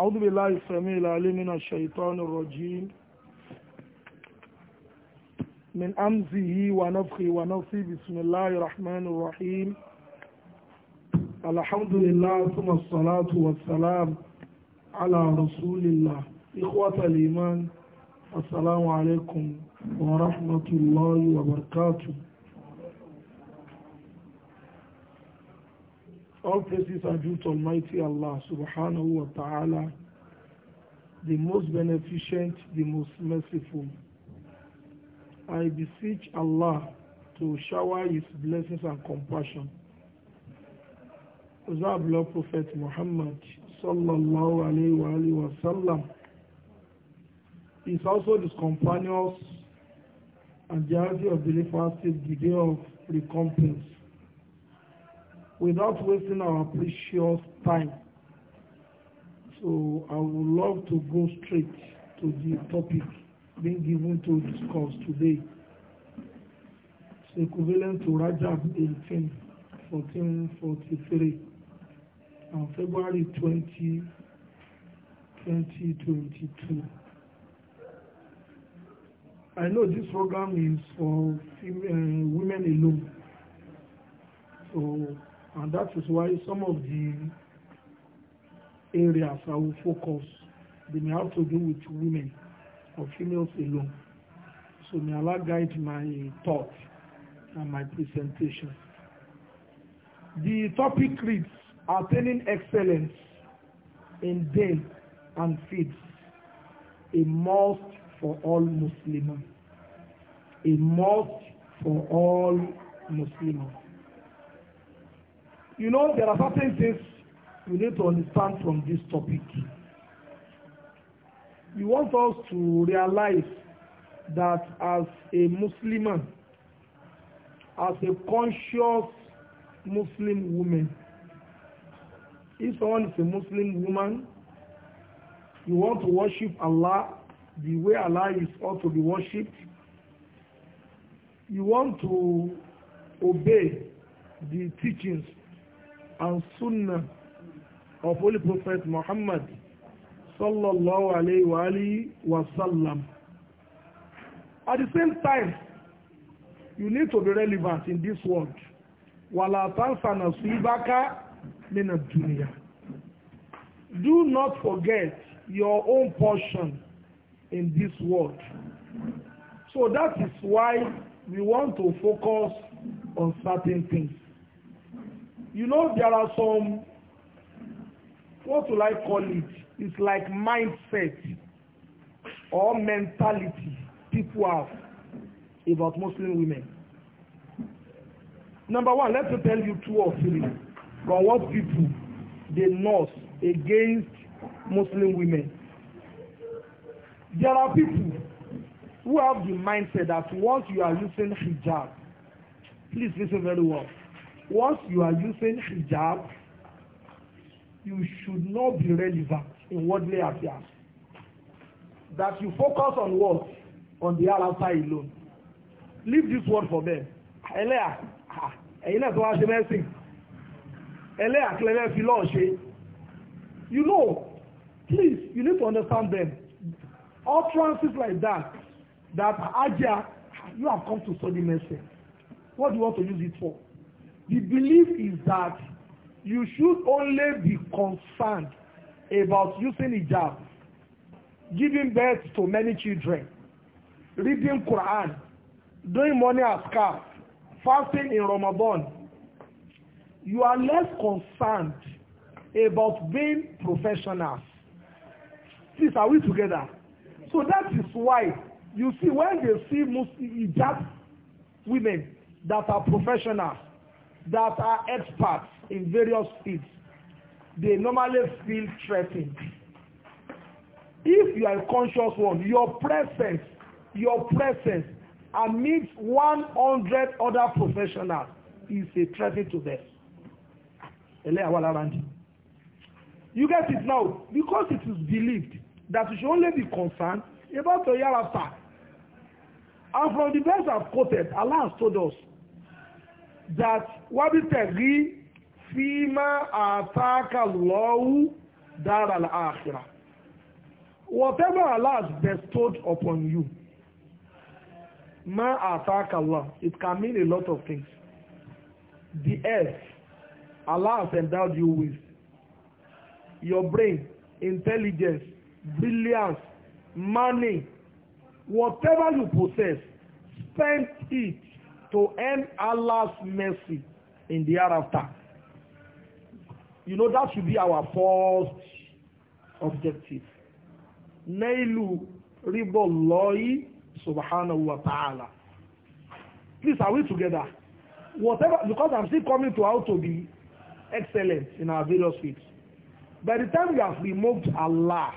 أعوذ بالله السميع العليم من الشيطان الرجيم من أمزه ونفخه ونفسه بسم الله الرحمن الرحيم الحمد لله ثم الصلاة والسلام على رسول الله إخوة الإيمان السلام عليكم ورحمة الله وبركاته All praises are due to Almighty Allah subhanahu wa ta'ala, the most beneficent, the most merciful. I beseech Allah to shower His blessings and compassion. Zabla Prophet Muhammad sallallahu alayhi wa, sallam is also his companions and the of believers till the day of recompense. without wasting our precious time. So I would love to go straight to the topic being given to discuss today. It's equivalent to Rajab 18, 1443 and February 20, 2022. I know this program is for female, uh, women alone. So And that is why some of the areas I will focus, they may have to do with women or females alone. So may Allah guide my thoughts and my presentation. The topic reads, Attaining Excellence in Din and Feeds, a must for all Muslims. A must for all Muslims. You know, there are certain things we need to understand from this topic. We want us to realize that as a Muslim, as a conscious Muslim woman, if someone is a Muslim woman, you want to worship Allah the way Allah is ought to be worshipped, you want to obey the teachings and sunnah of Holy Prophet Muhammad sallallahu alayhi wa alihi wa sallam. At the same time, you need to be relevant in this world. Wàlá tansa nasibaka mina dunya. Do not forget your own portion in this world. So that is why we want to focus on certain things. You know, there are some, what do I call it? It's like mindset or mentality people have about Muslim women. Number one, let me tell you two or three from what people they nurse against Muslim women. There are people who have the mindset that once you are using hijab, please listen very well once you are using hijab you should not be relevant in worldly affairs that you focus on what on the outside alone leave this word for them ẹlẹ́yà ẹ̀yin náà tó wá ṣe mẹ́sìn ẹlẹ́yà clever fi lọ́ọ̀ ṣe you know please you need to understand them All utterances like that that aja you have come to study medicine what do you want to use it for The belief is that you should only be concerned about using hijab, giving birth to many children, reading Quran, doing morning askar, fasting in Ramadan. You are less concerned about being professionals. Please, are we together? So that is why you see when they see most hijab women that are professionals, that are experts in various fields, they normally feel threatened. If you are a conscious one, your presence, your presence amidst 100 other professionals is a threat to them. You get it now? Because it is believed that you should only be concerned about the hereafter. And from the verse I've quoted, Allah has told us that wábítẹ̀rí fíìmá àtàkà lọ́wọ́ dára àkhírà whatever Allah has bestowed upon you ma Ataka Allah it can mean a lot of things the earth Allah has endowed you with your brain intelligence brilliance money whatever you possess spend it to earn Allah's mercy in the hereafter. You know, that should be our first objective. Nailu ribollahi subhanahu wa ta'ala. Please, are we together? Whatever, because I'm still coming to how to be excellent in our various fields. By the time we have removed Allah,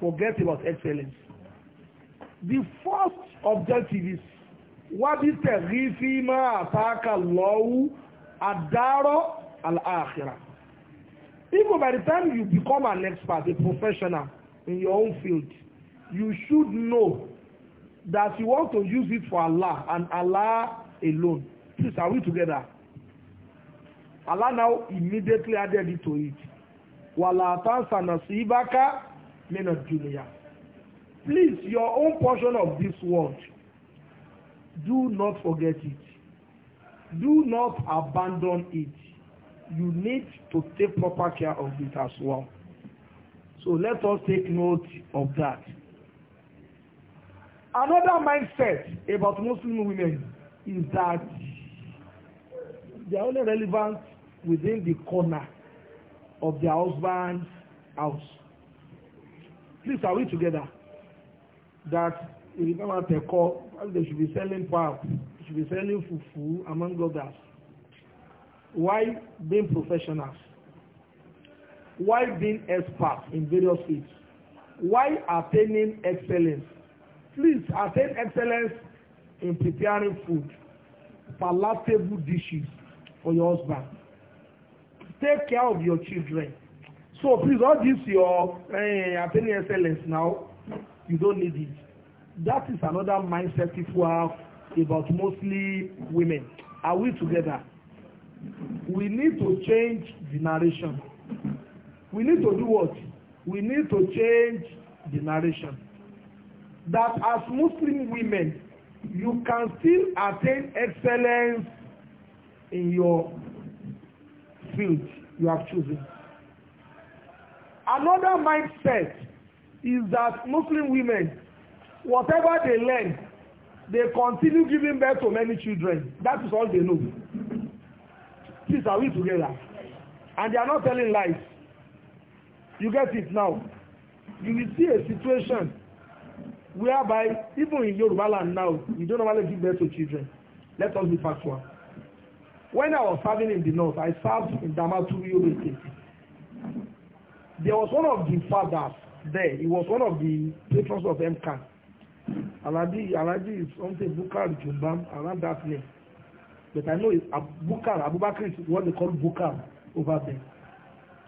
forget about excellence. The first objective is wábí tẹ̀rí fí máa àtàkà lọ́wú àdárọ́ àlàáhìrà. Even by the time you become an expert, a professional in your own field, you should know that you want to use it for Allah and Allah alone. Please, are we together? Allah now immediately added it to it. Wala tansa nasibaka mina dunya. Please, your own portion of this world Do not forget it. Do not abandon it. You need to take proper care of it as well. So let us take note of that. Another mindset about Muslim women is that they are only relevant within the corner of their husband's house. Please, are we together? That You èyí náà a call. they should be selling pap they should be selling fufu among others why being professionals why being experts in various fields why attaining excellence please attain excellence in preparing food palatable dishes for your husband take care of your children so please all this your uh, attaining excellence now you don't need it that is another mindset people have about mostly women are we together we need to change the narration we need to do what we need to change the narration that as Muslim women you can still attain excellence in your field you have chosen. Another mindset is that Muslim women whatever they learn they continue giving birth to many children that is all they know please are we together and they are not telling lies you get it now you will see a situation whereby even in Yoruba land now you don't normally give birth to children let us be factual when I was serving in the north I served in Damaturu Yobe State there was one of the fathers there he was one of the patrons of MCAN Alaji Alaji is something Bukar Jumbam around that name. But I know uh, Bukar, Abubakar is what they call Bukar over there.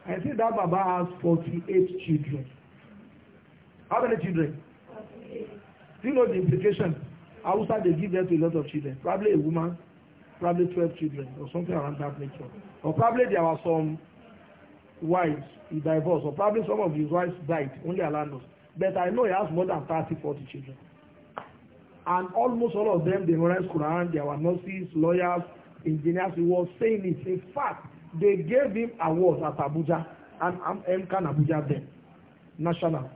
I see that Baba has 48 children. How many children? 48. Do you know the implication? Outside they give birth to a lot of children. Probably a woman, probably 12 children or something around that nature. Or probably there were some wives, he divorced, or probably some of his wives died, only Allah knows but I know he has more than 30, 40 children. And almost all of them, they memorized Quran, they were nurses, lawyers, engineers. He was saying it. In fact, they gave him awards at Abuja, and MCAN Abuja then, national.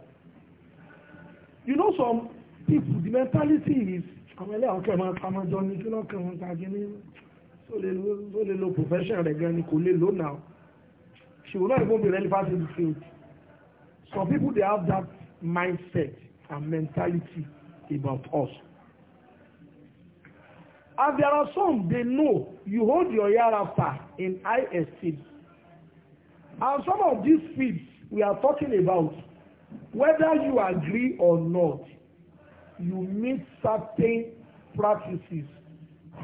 You know some people, the mentality is, àwọn ilé àwọn kẹwọn pamọ́ jọ ní kí lọ́ọ́ kẹwọn tàbí ní So lè lo profession rẹ̀ gan ni kò lè lò now. She will not even be relevant in the field. Some people, they have that mindset and mentality about us. And there are some they know you hold your hereafter in high esteem. And some of these feeds we are talking about, whether you agree or not, you meet certain practices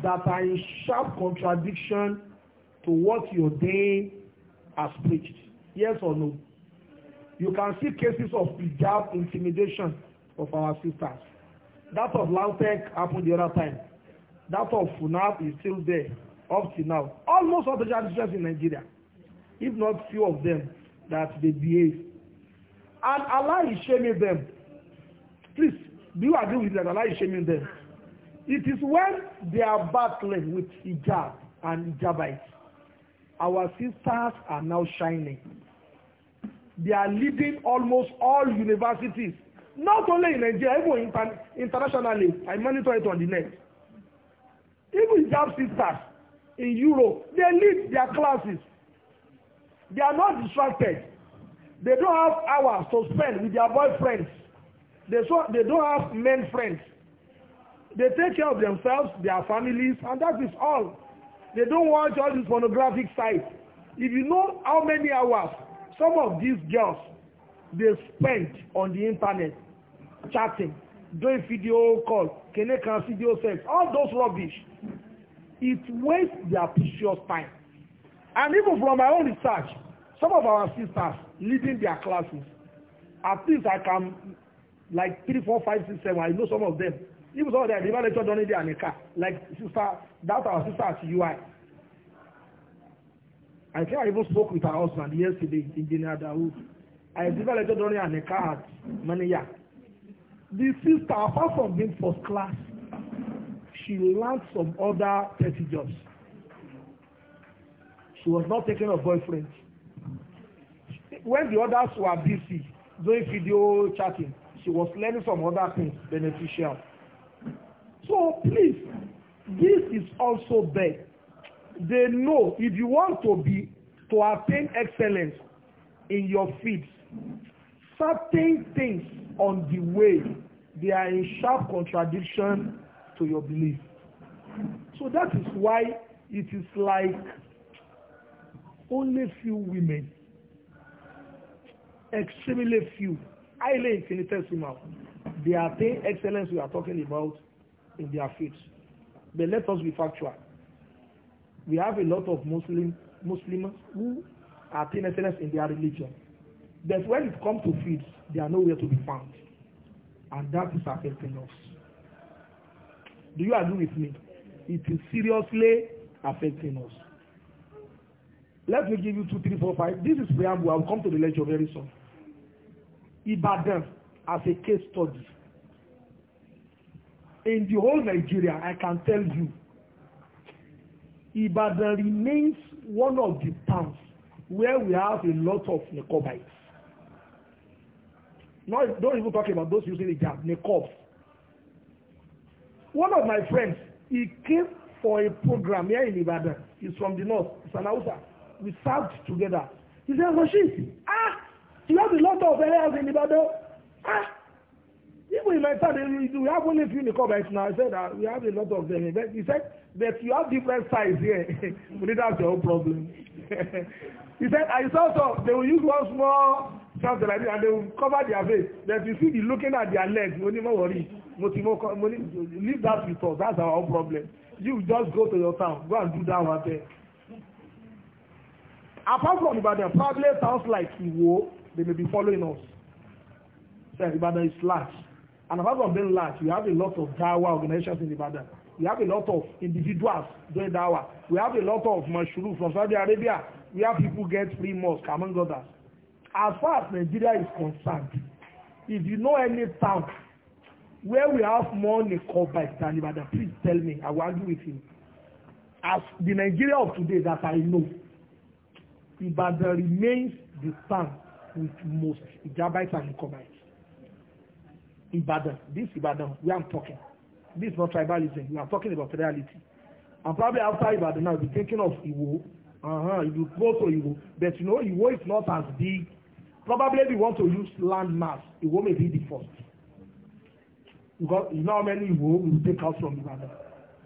that are in sharp contradiction to what your day has preached. Yes or no? you can see cases of hijab intimidation of our sisters. That of Lautech happened the other time. That of FUNAP is still there up to now. Almost all the judges in Nigeria, if not few of them, that they behave. And Allah is shaming them. Please, do you agree with that? Allah is shaming them. It is when they are battling with hijab and hijabites. Our sisters are now shining. They are leading almost all universities, not only in Nigeria, even inter internationally. I monitor it on the net. Even job sisters in Europe, they lead their classes. They are not distracted. They don't have hours to spend with their boyfriends. They, so, they don't have men friends. They take care of themselves, their families, and that is all. They don't watch all these pornographic sites. If you know how many hours some of these girls dey spend on the internet chatting doing video call kene kan video sex all those rubbish it waste their precious time and even from my own research some of our sisters leading their classes at least I can like three four five six seven I know some of them even some of them dey even lecture during their nika like sister that our sister at UI I think I even spoke with her husband yesterday, Engineer Dawood. I developed during an account many years. The sister, apart from being first class, she learned some other petty jobs. She was not taking a boyfriend. When the others were busy doing video chatting, she was learning some other things beneficial. So please, this is also bad they know if you want to be to attain excellence in your field certain things on the way they are in sharp contradiction to your belief so that is why it is like only few women extremely few highly infinitesimal they attain excellence we are talking about in their fields but let us be factual we have a lot of Muslim Muslims who are innocent in their religion. But when it comes to faith, they are nowhere to be found. And that is affecting us. Do you agree with me? It is seriously affecting us. Let me give you two, three, four, five. This is preamble. will come to the lecture very soon. Ibadan as a case study. In the whole Nigeria, I can tell you Ibadan remains one of the towns where we have a lot of Nicobites. Not, don't even talk about those using hijab, Nicob. One of my friends, he came for a program here in Ibadan. He's from the north, he's an We served together. He said, Rashid, ah, you have a lot of areas in Ibadan. Ah, Even in my time, we, have only few niqab right now. I said that we have a lot of them. he said that you have different size here. but that's your own problem. he said, I saw so they will use one small something like this and they will cover their face. That you see the looking at their legs. Mo ní mo worry. Mo ti mo leave that with us. That's our own problem. You just go to your town. Go and do that one there. Apart from Ibadan, probably sounds like Iwo. They may be following us. Said Ibadan is last. And apart from being large, you have a lot of dawa organizations in Ibadan. We have a lot of individuals doing dawa. We have a lot of mashuru from Saudi Arabia We have people get free mosque, among others. As far as Nigeria is concerned, if you know any town where we have more Nikobite than Ibadan, please tell me. I will argue with you. As the Nigeria of today that I know, Ibadan remains the town with most Ijabites and Nikobites. Ibadan. This Ibadan, we are talking. This is not tribalism. We are talking about reality. And probably after Ibadan, now we're thinking of Iwo. Uh-huh, it will go to Iwo. But you know, Iwo is not as big. Probably we want to use land mass. Iwo may be the first. Because you know how many Iwo we will take out from Ibadan.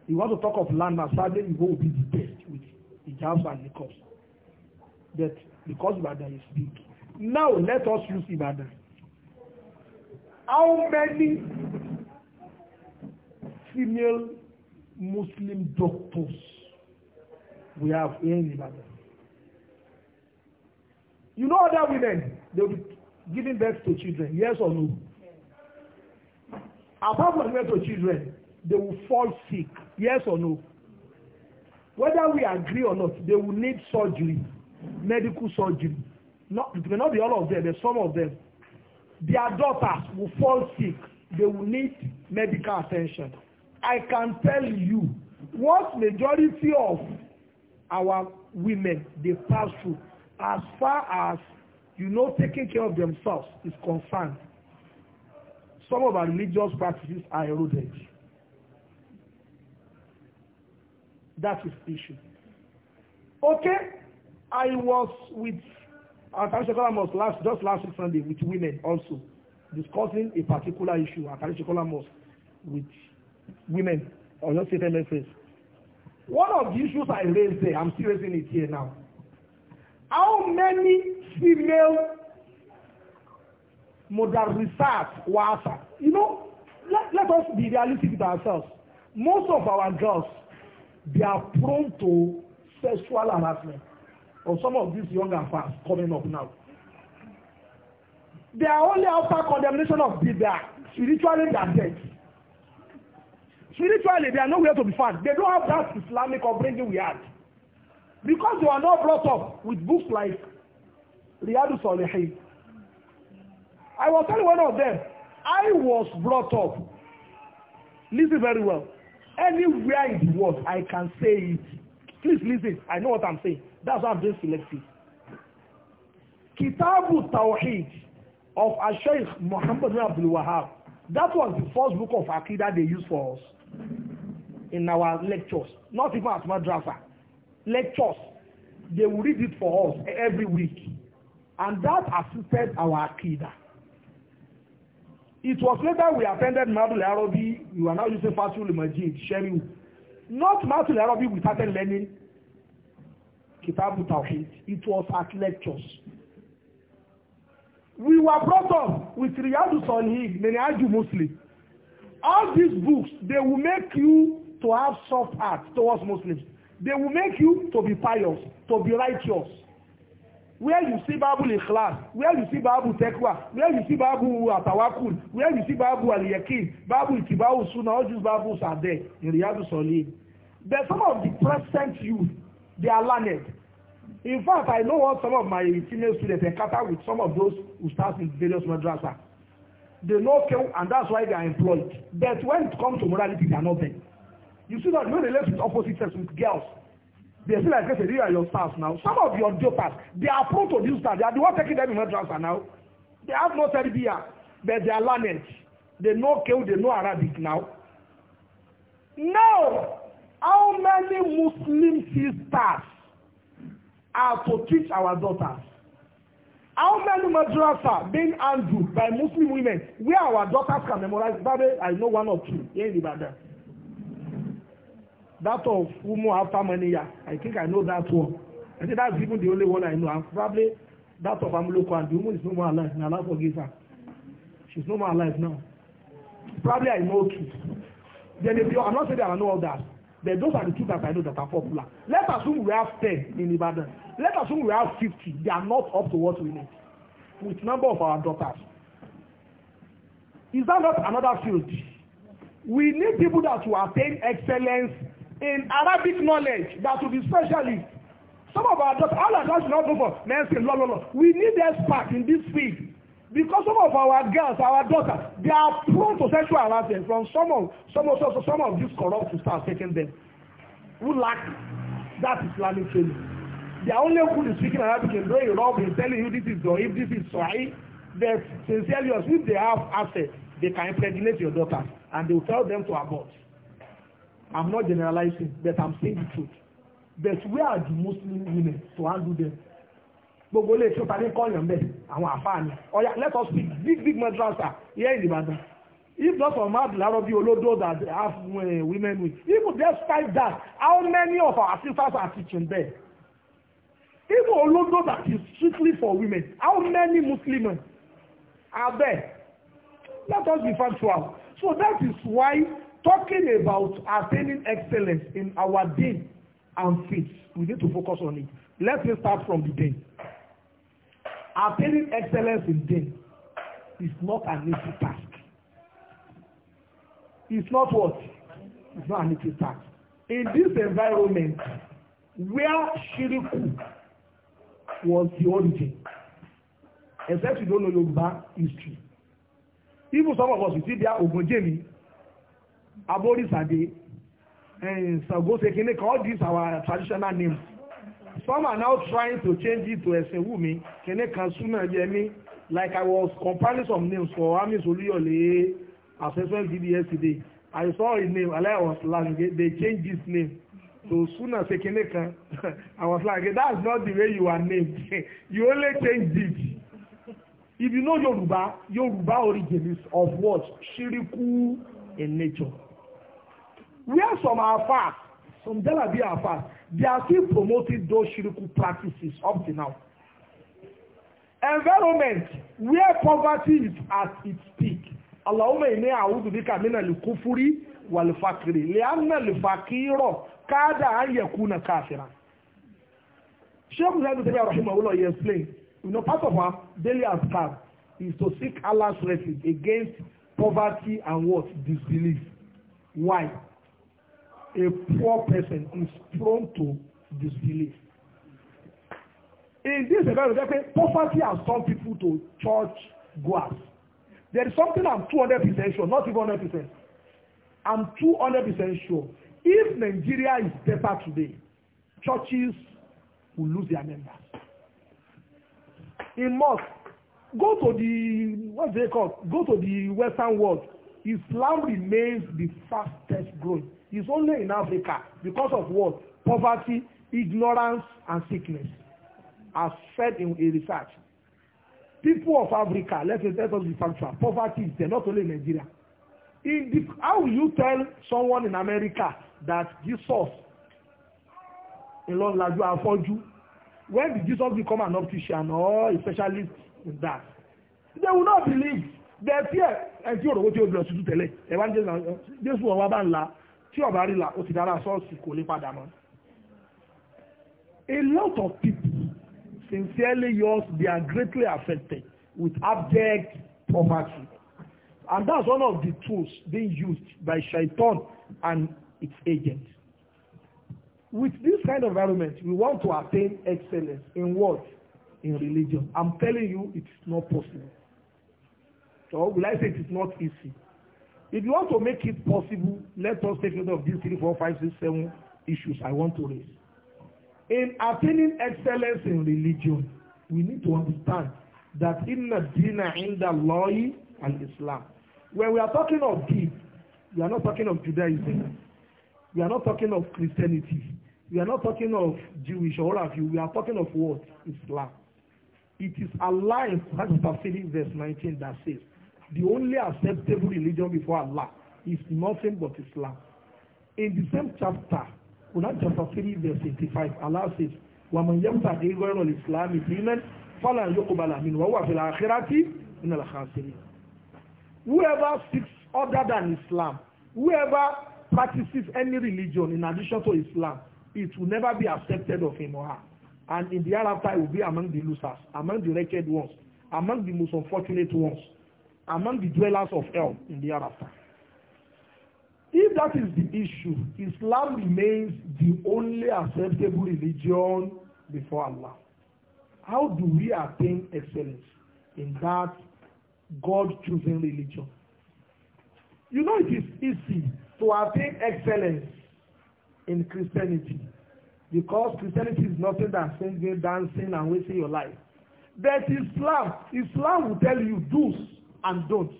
You want to talk of land mass, probably Iwo will be the best with Ijabs and Nikos. That because Ibadan is big. Now let us use Ibadan How many female Muslim doctors we have here in Ibadan? You know other women, they'll be giving birth to children, yes or no? Yes. Apart from birth to children, they will fall sick, yes or no? Whether we agree or not, they will need surgery, medical surgery. Not, it may not be all of them, but some of them. Their daughters will fall sick. They will need medical attention. I can tell you, what majority of our women dey pass through as far as you know taking care of themselves is concerned some of our religious practices are eroded that is the issue okay I was with Atari Sekola Mosque last, just last week Sunday with women also discussing a particular issue Atari Sekola Mosque with women or just state MFS. One of the issues I raise there, I'm still raising it here now. How many female were wasa? You know, let, let us be realistic with ourselves. Most of our girls, they are prone to sexual harassment for some of these young and fast coming up now. They are only after condemnation of bidah. Spiritually, they are dead. Spiritually, they are nowhere to be found. They don't have that Islamic upbringing we had. Because they were not brought up with books like Riyadu Salihin. I was telling one of them, I was brought up, listen very well, anywhere in the world I can say it. Please listen, I know what I'm saying. That's why I'm being selective. Kitabu Tawheed of Sheikh Muhammad bin Abdul Wahab. That was the first book of Akida they used for us in our lectures. Not even as madrasa. Lectures. They will read it for us every week. And that assisted our Akida. It was later we attended Madul Arabi. We were now using Fatul Majid, Sheru. Not Madul Arabi we started learning Kitabu Tawhid. It was at lectures. We were brought up with Riyadu Salih, Menaju Muslim. All these books, they will make you to have soft heart towards Muslims. They will make you to be pious, to be righteous. Where you see in class, where you see Babu Tekwa, where you see Babu Atawakul, where you see Babu Aliyakin, Babu Itibau suna. all these Babus are there in Riyadu Salih. But some of the present youth, they are learned. In fact, I know what some of my female students encounter with some of those who start in various madrasa. They know skill and that's why they are employed. But when it comes to morality, they are not there. You see that when they relate with opposite sex, with girls, they feel like they say, you are your stars now. Some of your dopers, they are prone to these stars. They are the ones taking them in madrasa now. They have no Serbia, but they are learned. They know Keu, they know Arabic now. Now, how many Muslim sisters are to teach our daughters. How many madrasa being handled by Muslim women where our daughters can memorize Bible? I know one or two here in That of Umu after many years. I think I know that one. I think that's even the only one I know. And probably that of Amuloko and the woman is no more alive. Now Allah forgives her. She's no more alive now. Probably I know two. Then if you, I'm not saying that I know all that. Then those are the two that I know that are popular. Let us assume we have 10 in Ibadan. Let us assume we have 50. They are not up to what we need with number of our daughters. Is that not another field? We need people that will attain excellence in Arabic knowledge, that will be specialists. Some of our daughters, all our daughters not go for men say, no, no, no. We need experts in this field. Because some of our girls, our daughters, they are prone to sexual harassment from some of, some of, some of, some of these corrupt to start taking them who lack that Islamic training. They are only who is speaking Arabic and doing Europe and telling you this is if this is Sahih. They're sincerely, if they have access, they can impregnate your daughter, and they will tell them to abort. I'm not generalizing, but I'm saying the truth. But where are the Muslim women to handle them? gbogbo ilé ìṣúta ní kọ́ọ̀yàn bẹ́ẹ̀ àwọn àfáàní ọ̀yà let us speak big big madrasa here in Ibadan if not for mad larobi olodo that have eh, women with even despite that how many of our sisters are teaching there even olodo that is strictly for women how many Muslims are there let us be factual so that is why talking about attaining excellence in our deen and faith we need to focus on it let me start from the deen Attaining excellence in them is not an easy task. It's not what? It's not an easy task. In this environment, where Shiriku was the origin, except you don't know Yoruba history. Even some of us, you see there, Ogunjemi, Aborisade, and Sagose, all these our traditional names some are now trying to change it to ẹ̀sìn wù mí kìnní kan súnà yẹmí like I was comparing some names for Amis Oluyole assessment did yesterday I saw his name and I was like, they changed his name to Suna Sekene kan I was like that's not the way you are named you only changed it if you know Yoruba Yoruba origin is of what shiriku in nature where some are fast some jalabi are fast They are still promoting those shirku practices up to now. Environment where poverty is at its peak. Allahumma inni a'udhu bika min al-kufri wal-fakri li'anna al-fakira kada an yakuna kafira. Sheikh Muhammad Tabi Rahimahullah he explained, you know, part of our daily askar is to seek Allah's refuge against poverty and what? Disbelief. Why? a poor person is prone to disbelief. In this event, poverty has some people to church goers. There is something I'm 200% sure, not even 100%. I'm 200% sure. If Nigeria is better today, churches will lose their members. In mosque, go to the, what's they called? Go to the Western world. Islam remains the fastest growing is only in Africa because of what? Poverty, ignorance, and sickness. As said in a research. People of Africa, let us, let us be factual, poverty is there, not only in Nigeria. In the, how will you tell someone in America that Jesus ìlọ́nlàjú you? when did Jesus become an optician or a specialist in that? They will not believe. They fear ẹ̀ntí òròwó tí ó bẹ̀rẹ̀ ṣùtú tẹ̀lé ẹ̀wá ń jésù ọ̀wá bá ń la tí ọba rí là ó ti dára ṣọ́ọ̀ṣì kò lè padà mọ́. A lot of people sincerely yours they are greatly affected with abject poverty and that's one of the tools being used by shaitan and its agents. With this kind of environment we want to attain excellence in what? In religion. I'm telling you it's not possible. So will I say it is not easy? If you want to make it possible, let us take note of these three, four, five, six, seven issues I want to raise. In attaining excellence in religion, we need to understand that inna dina inda law and Islam. When we are talking of deed, we are not talking of Judaism. We are not talking of Christianity. We are not talking of Jewish or all of you. We are talking of what? Islam. It is Allah in Surah 15 verse 19 that says, the only acceptable religion before Allah is nothing but Islam. In the same chapter, Quran chapter three, verse twenty-five, Allah says, وَمَنْ يَمْتَعْ غَيْرَ الْإِسْلَامِ دِينًا فَلَا يُقْبَلَ مِنْهُ وَهُوَ فِي الْآخِرَةِ مِنَ الْخَاسِرِينَ Whoever seeks other than Islam, whoever practices any religion in addition to Islam, it will never be accepted of him or her. And in the hereafter, it will be among the losers, among the wretched ones, among the most unfortunate ones among the dwellers of hell in the hereafter. If that is the issue, Islam remains the only acceptable religion before Allah. How do we attain excellence in that God-chosen religion? You know it is easy to attain excellence in Christianity because Christianity is nothing than singing, dancing, and wasting your life. But Islam, Islam will tell you, do and don't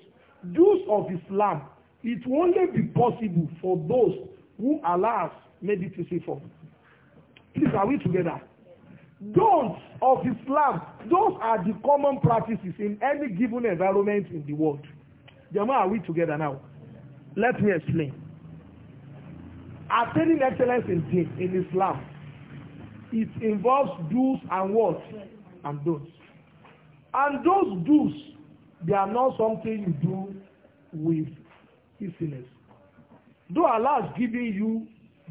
Do's of Islam, it will only be possible for those who Allah has made it for. Please, are we together? Don't of Islam, those are the common practices in any given environment in the world. Jama, are we together now? Let me explain. Attaining excellence in, deen, in Islam, it involves do's and what? And don'ts. And those do's They are not something you do with easiness. Though Allah has given you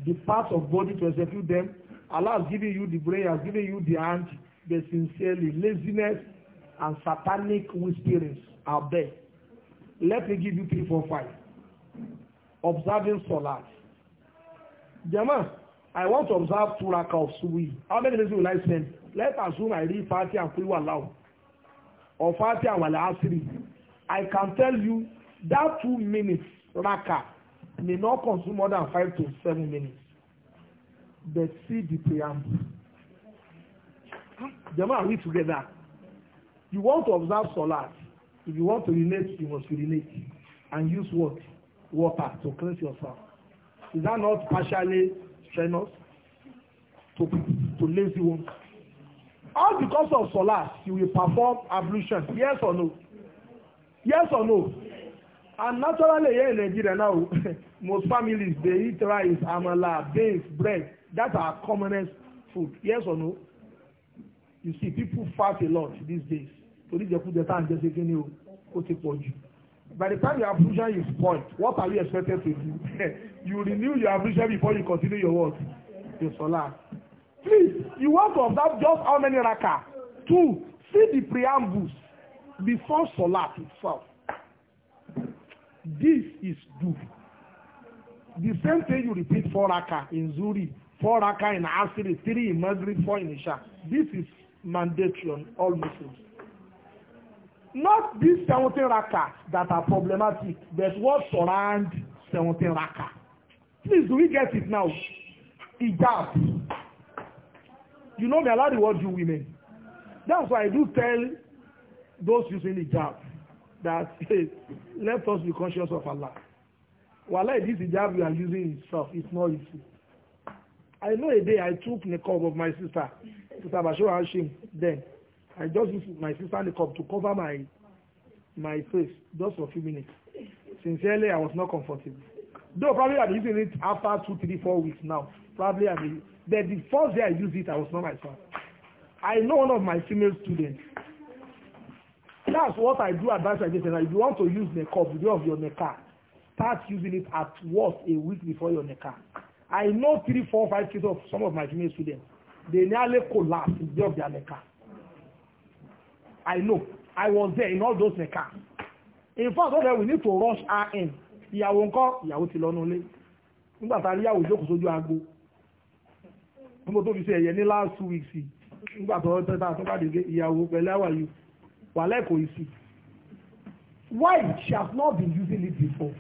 the parts of body to execute them, Allah has given you the brain, has given you the hand, the sincerely, laziness and satanic whisperings are there. Let me give you three, four, five. Observing Salat. Jama, I want to observe two raka of Suwi. How many days will I spend? Let's assume I read party and pray aloud or Fatiha wal Asri, I can tell you that two minutes raka may not consume more than five to seven minutes. But see the preamble. Jama, are we together? You want to observe Salat. If you want to relate, you must relate. And use what? Water to cleanse yourself. Is that not partially strenuous? To, to lazy one all because of Salah you will perform ablution yes or no yes or no and naturally here in Nigeria now most families dey eat rice amala beans bread that are commonest food yes or no you see people fat a lot these days torí jẹkújẹ tá à ń jẹ ṣe kíni o ó ti pọ̀ jù by the time your ablution is point, what are you expected to do you renew your ablution before you continue your work your Salah. Please, you want to observe just how many raka? Two, see the preambles before Salat itself. This is due. The same thing you repeat four raka in Zuri, four raka in Asiri, three in Maghrib, four in Isha. This is mandatory on all Muslims. Not these 17 raka that are problematic, but what surround 17 raka. Please, do we get it now? Ijab. You know, may Allah word you women. That's why I do tell those using the job that hey, let us be conscious of Allah. Wallahi, this hijab you are using itself, it's not easy. I know a day I took the cup of my sister, Sister Bashir Hashim, then. I just used my sister the cup to cover my my face just for a few minutes. Sincerely, I was not comfortable. Though probably I'm using it after two, three, four weeks now. Probably I'm But the first day I used it, I was not myself. I know one of my female students. That's what I do advise my patients. If you want to use niqab, the day of your niqab, start using it at worst a week before your niqab. I know three, four, five kids of some of my female students. They nearly collapse the day of their niqab. I know. I was there in all those niqab. In fact, okay, we need to rush her in. Ìyàwó ńkọ́, ìyàwó ti lọ́nu lé. Nígbà tá a rí ìyàwó ìjókòó sójú agbo ní tó fi ṣe ẹ̀yẹ ní last two weeks tẹ́ta tó ìyàwó pẹ̀lú àwàyè wà lẹ́kọ̀ọ́ ìsì why she has not been using it before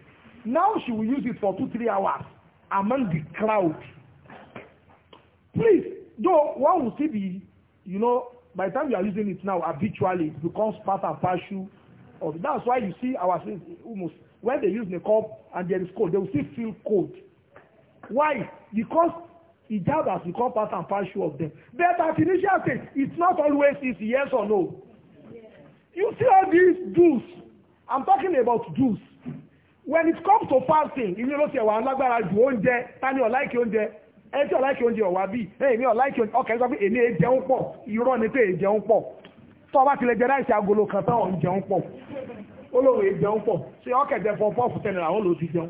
now she will use it for two three hours among the crowd please though one will still be you know by the time you are using it now habitually it becomes part and parcel of it. that's why you see our friends almost when they use the cup and there is cold they will still feel cold why because hijab has become part and parcel of them but at initial stage it's not always easy yes or no you see all these Jews. i'm talking about Jews. when it comes to fasting ilé ló ti ẹ̀wà alágbára ju oúnjẹ tani ọ̀láìkì oúnjẹ ẹ tí ọ̀láìkì oúnjẹ ọ̀wà bíi èmi ọ̀láìkì oúnjẹ ọkẹ́ sọ pé èmi èjẹun pọ̀ irọ́ ni pé èjẹun pọ̀ tó o bá tilẹ̀ jẹ láìsí agolo kan tán òun jẹun pọ̀ olóhùn èjẹun pọ̀ ṣé ọkẹ́ jẹ fọ fọ́ọ̀fù tẹ̀lé àwọn olóòtú jẹun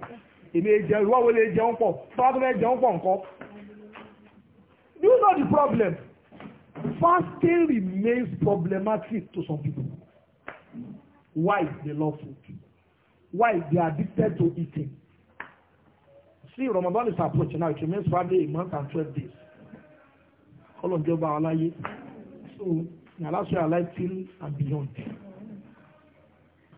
èmi èjẹun ìwọ́wọlé jẹun pọ̀ tó o jẹun pọ̀ nǹkan Do you know the problem? Fasting remains problematic to some people. Why they love food? Why they are addicted to eating? See, Ramadan is approaching now. It remains Friday, a month and twelve days. Ọlọ́njọ́ bá wa láyé. So, ní aláṣẹ alive till and beyond.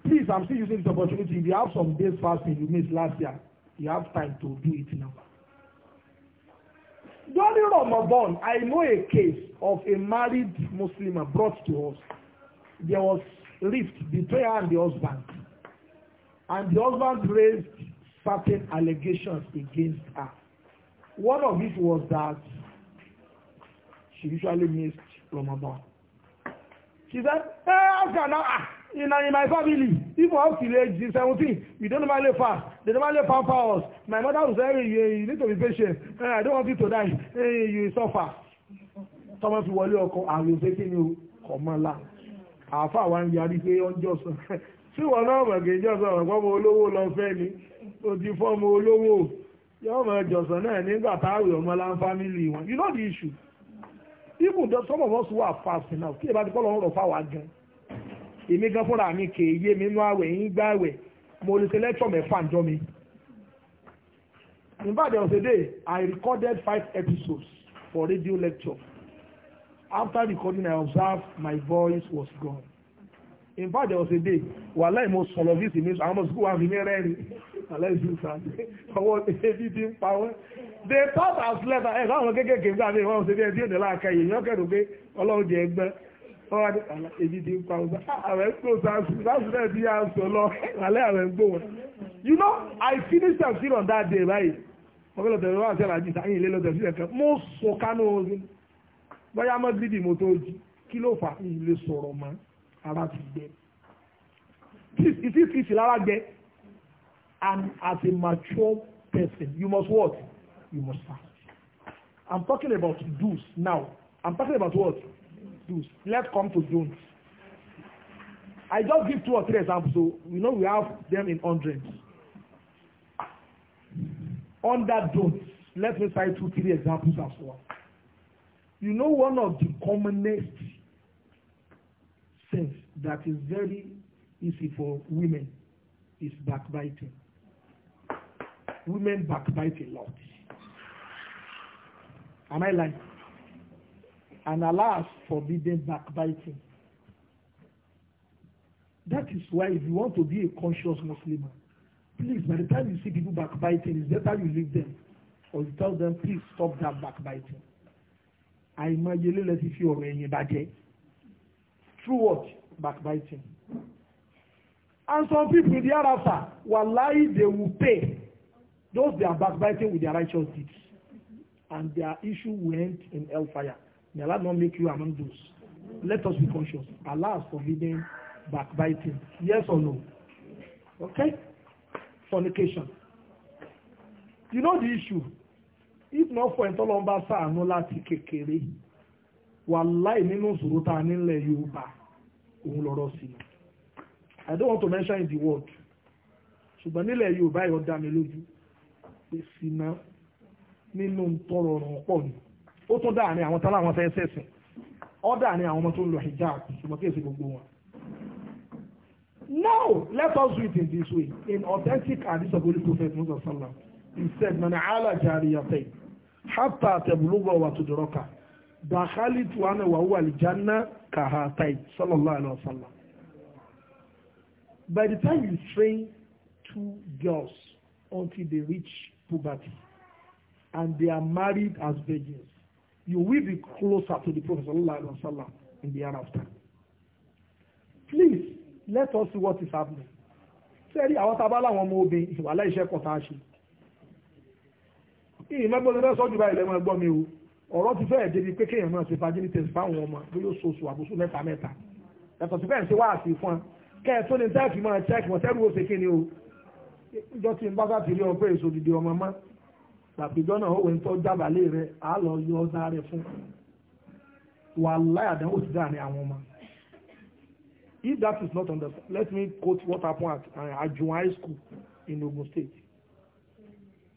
Please, I'm still using this opportunity. If you have some days fasting you missed last year, you have time to do it now. During Ramadan, I know a case of a married Muslim brought to us. There was rift between her and the husband. And the husband raised certain allegations against her. One of it was that she usually missed Ramadan. She said, hey, eh, how can I? in, in my family, even up till age 17, we don't normally fast. They don't normally fast for us. My mother was say, hey, eh, you need to be patient. Hey, eh, I don't want you to die. Hey, eh, you suffer. Tọ́mọ́ fi wọlé ọkọ̀ àrùn ṣe kí ni you, come mọ́ la. Àáfà wa ń yarí pé ọjọ́ just, Tí wọn náà mọ̀ just. í jọ sọ̀rọ̀ pọ́mọ olówó lọ fẹ́ ni. O ti fọ́mọ olówó. Yọ́ọ̀ mọ̀ jọ̀sán náà nígbà táwọn ọmọ lá ń family wọn. You know the issue. Even though some of us who are fast enough, kí ẹ bá ti kọ́ lọ́rùn rọ̀ fáwọn gan èmi gan fúnra mi kè yé mi nú àwẹ̀ yín gbá àwẹ̀ mo lè ṣe mẹ́fà ń jọ mi. in fact there was a day I recorded five episodes for radio lecture after recording I observed my voice was gone in fact there was a day wàhálà ìmọ̀ sọ̀rọ̀ bí sinmi sọ àwọn ọmọ sukùl wa fi mí rẹ́rìn wàhálà ìsìn sàn ọwọ́ ebi ti ń pawọ́ they thought as letter eh, ẹ̀ sáwọn kékèké nígbà mi wọ́n ṣe bí ẹ̀ tí ò ní láàka yìí yọ́n kẹ́rù pé ọlọ́run jẹ́ ẹgbẹ́ wọ́n wá dé ń pa ọ̀sá àwẹ̀ ń gbò sáàsù sáàsù náà ti yá sọ lọ àlẹ́ àwẹ̀ ń gbò wọn. you know i finish am still on that day right? wọ́n fẹ́ lọ tẹ̀lé wọ́n àti àlàjì sáyìn ilé lọ tẹ̀lé ẹ̀kẹ́ mo sọ kánú orin bóyá mọ́ gidi mo tó jí kí ló fà ń lè sọ̀rọ̀ mọ́ ara ti gbẹ. ìsí kìsì lára gbẹ and as a mature person you must what you must fast i'm talking about do's now i'm talking about what do's. Let's come to don'ts. I just give two or three examples. So we know we have them in hundreds. Under don'ts, let me cite two, three examples as well. You know one of the commonest sins that is very easy for women is backbiting. Women backbite a lot. Am I lying? and Allah has forbidden backbiting. That is why if you want to be a conscious Muslim, please, by the time you see people backbiting, it's better you leave them or you tell them, please stop that backbiting. àìmọye ló lọ sí fi ọ̀rọ̀ ẹ̀yìn bàjẹ́ through what backbiting and some people in the arafa wàláyé they will pay those they are backbiting with their righteous deeds and their issue went end in hellfire. May Allah not make you among those. Let us be conscious. Allah has forbidden backbiting. Yes or no? Okay? Fornication. You know the issue. If not for ìtọ́lọ́mbà sàánú láti kékeré, wàláì nínú ìṣòro tá a nílẹ̀ Yorùbá, òun lọ́rọ̀ sí i. I don't want to mention the word. Ṣùgbọ́n nílẹ̀ Yorùbá yóò dá mi lójú. Èsì náà nínú tọrọ ọ̀rọ̀ pọ̀ ni ó tún dáàrin àwọn tálá àwọn fẹ́ẹ́ sẹ̀sìn ó dáàrin àwọn ọmọ tó ń lọ hijab ṣùgbọ́n kí èsì gbogbo wọn. now let us do it in this way in authentic hadith of holy prophet musa sallam he said man ala jariyatayn hatta tablugha wa tudraka dakhalitu ana wa huwa aljanna kahatayn sallallahu alaihi wasallam by the time you train two girls until they reach puberty and they are married as virgins you will be closer to the Prophet ﷺ in the end of time. Please, let us see what is happening. Sẹ́rí àwọn tábà láwọn ọmọ obìnrin ìwàlẹ́ iṣẹ́ kọ̀ tá a ṣe. Ìmọ̀gbọ́n ti fẹ́ sọ́jú báyìí lẹ́mọ̀ ẹgbọ́n mi o. Ọ̀rọ̀ ti fẹ́ẹ̀ débi pé kéèyàn máa ṣe fagilitẹ̀ fáwọn ọmọ bí yóò soṣù àbúṣù mẹ́ta mẹ́ta. Yàtọ̀ sí fẹ́ẹ̀ ṣe wá àti fún un. Kẹ́ẹ̀ tó ní tẹ́ẹ̀fì máa ṣẹ́ẹ̀kì wọ́n tẹ́rù ó ṣe kí ni o. Ìjọ ti ń bá sá ti rí ọ pé èso dìde ọmọ máa tàbíjọ́ náà òwe tó jábàálé rẹ̀ á lọ yọ ọ́ sáré fún wà láyàdánwò sí dáàrin àwọn ọmọ if that is not understood let me quote what happened at uh, High School in Ogun State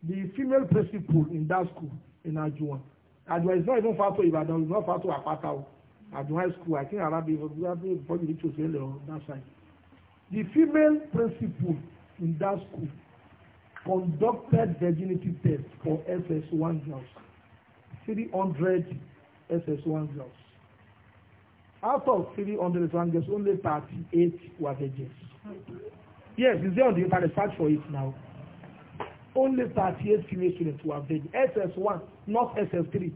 the female principal in that school in Ajun Ajun is not even far to Ibadan it's not far to Apata Ajun High School I think arabi before the pictures earlier on that side the female principal in that school conducted virginity test for SS1 girls 300 SS1 girls out of 300 SS1 girls only 38 were virgins yes is there on the internet search for it now only 38 female students were virgin SS1 not SS3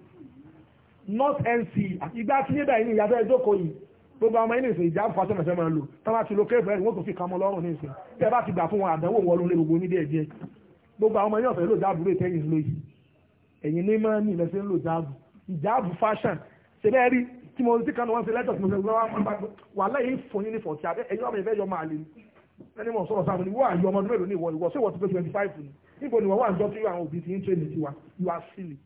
not NC. E ìgbà tí nígbà yìí ìyàtọ̀ ẹjọ́ kò yìí gbogbo ọmọ inú ìsìn ìjà fún asẹ́mẹsẹ́ máa lò tọ́lá ti lo kéèfé ẹ̀rìn wọ́n tó fi kamọ lọ́rùn ní ìsìn tẹ́ bá ti gbà fún wọn àdánwò wọ́n lórí gbogbo onídìí ẹ̀jẹ̀ gbogbo àwọn ọmọ yóò fẹ́ lò jáàbù lè tẹ́yìn lò yìí ẹ̀yìn ní máa ní ìlẹ́sẹ̀ lò jáàbù ìjáàbù fashion ṣe bẹ́ẹ̀ rí tí mo ti kánú wọn ṣe lẹ́tọ̀ wà láyé fún yín ní fọ̀tí abẹ́ ẹ̀yìn ọmọ ìfẹ́ yọ máa lè ẹni mọ̀ sọ̀rọ̀ sáà ní wọ́n àyọ ọmọ ọdún mélòó ní twenty five ni níbo ni wọ́n wà ń jọ sí àwọn òbí ti ń tẹ́ you are silly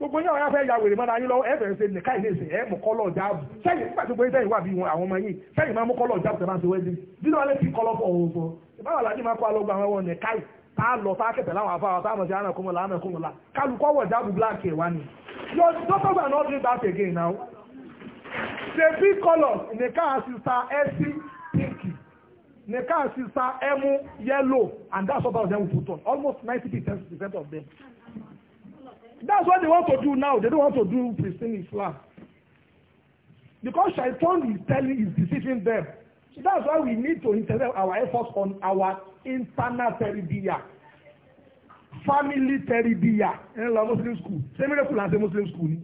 gbogbo yẹn wọn yà fẹ́ ya wèrè mọ́ra yín lọ ẹ bẹ̀rẹ̀ ṣe nìka ìlé ìsìn ẹ mú kọ́lọ̀ jáàbù sẹ́yìn nígbà tó gbé sẹ́yìn wà bí àwọn ọmọ yìí sẹ́yìn máa mú kọ́lọ̀ jáàbù tẹ̀lé àti wẹ́ẹ́dì bí wọ́n lè fi kọ́lọ̀ fọ ọ̀hún fọ ìbáwọ̀ làdí máa kó alọ́gbà àwọn ọmọ nìka yìí tá a lọ tá a kẹtẹ̀ láwọn afáwà tá a mọ̀ sí àná kúmọ̀lá àná kúmọ̀lá kálukọ́ wọ̀ jáàbù black ẹ̀ wá ni your doctor gba not do that again now dey fit colour nìka àṣìṣà ẹ̀sì pinky nìka àṣìṣà ẹ̀mú yellow and that's what all of them put on almost ninety percent of them That's what they want to do now. They don't want to do pristine Islam. Because Shaitan is telling, is deceiving them. So that's why we need to intensify our efforts on our internal teribia, Family teribia. In lọ Muslim school. same mẹ́rẹ̀ kùlà Muslim school ni?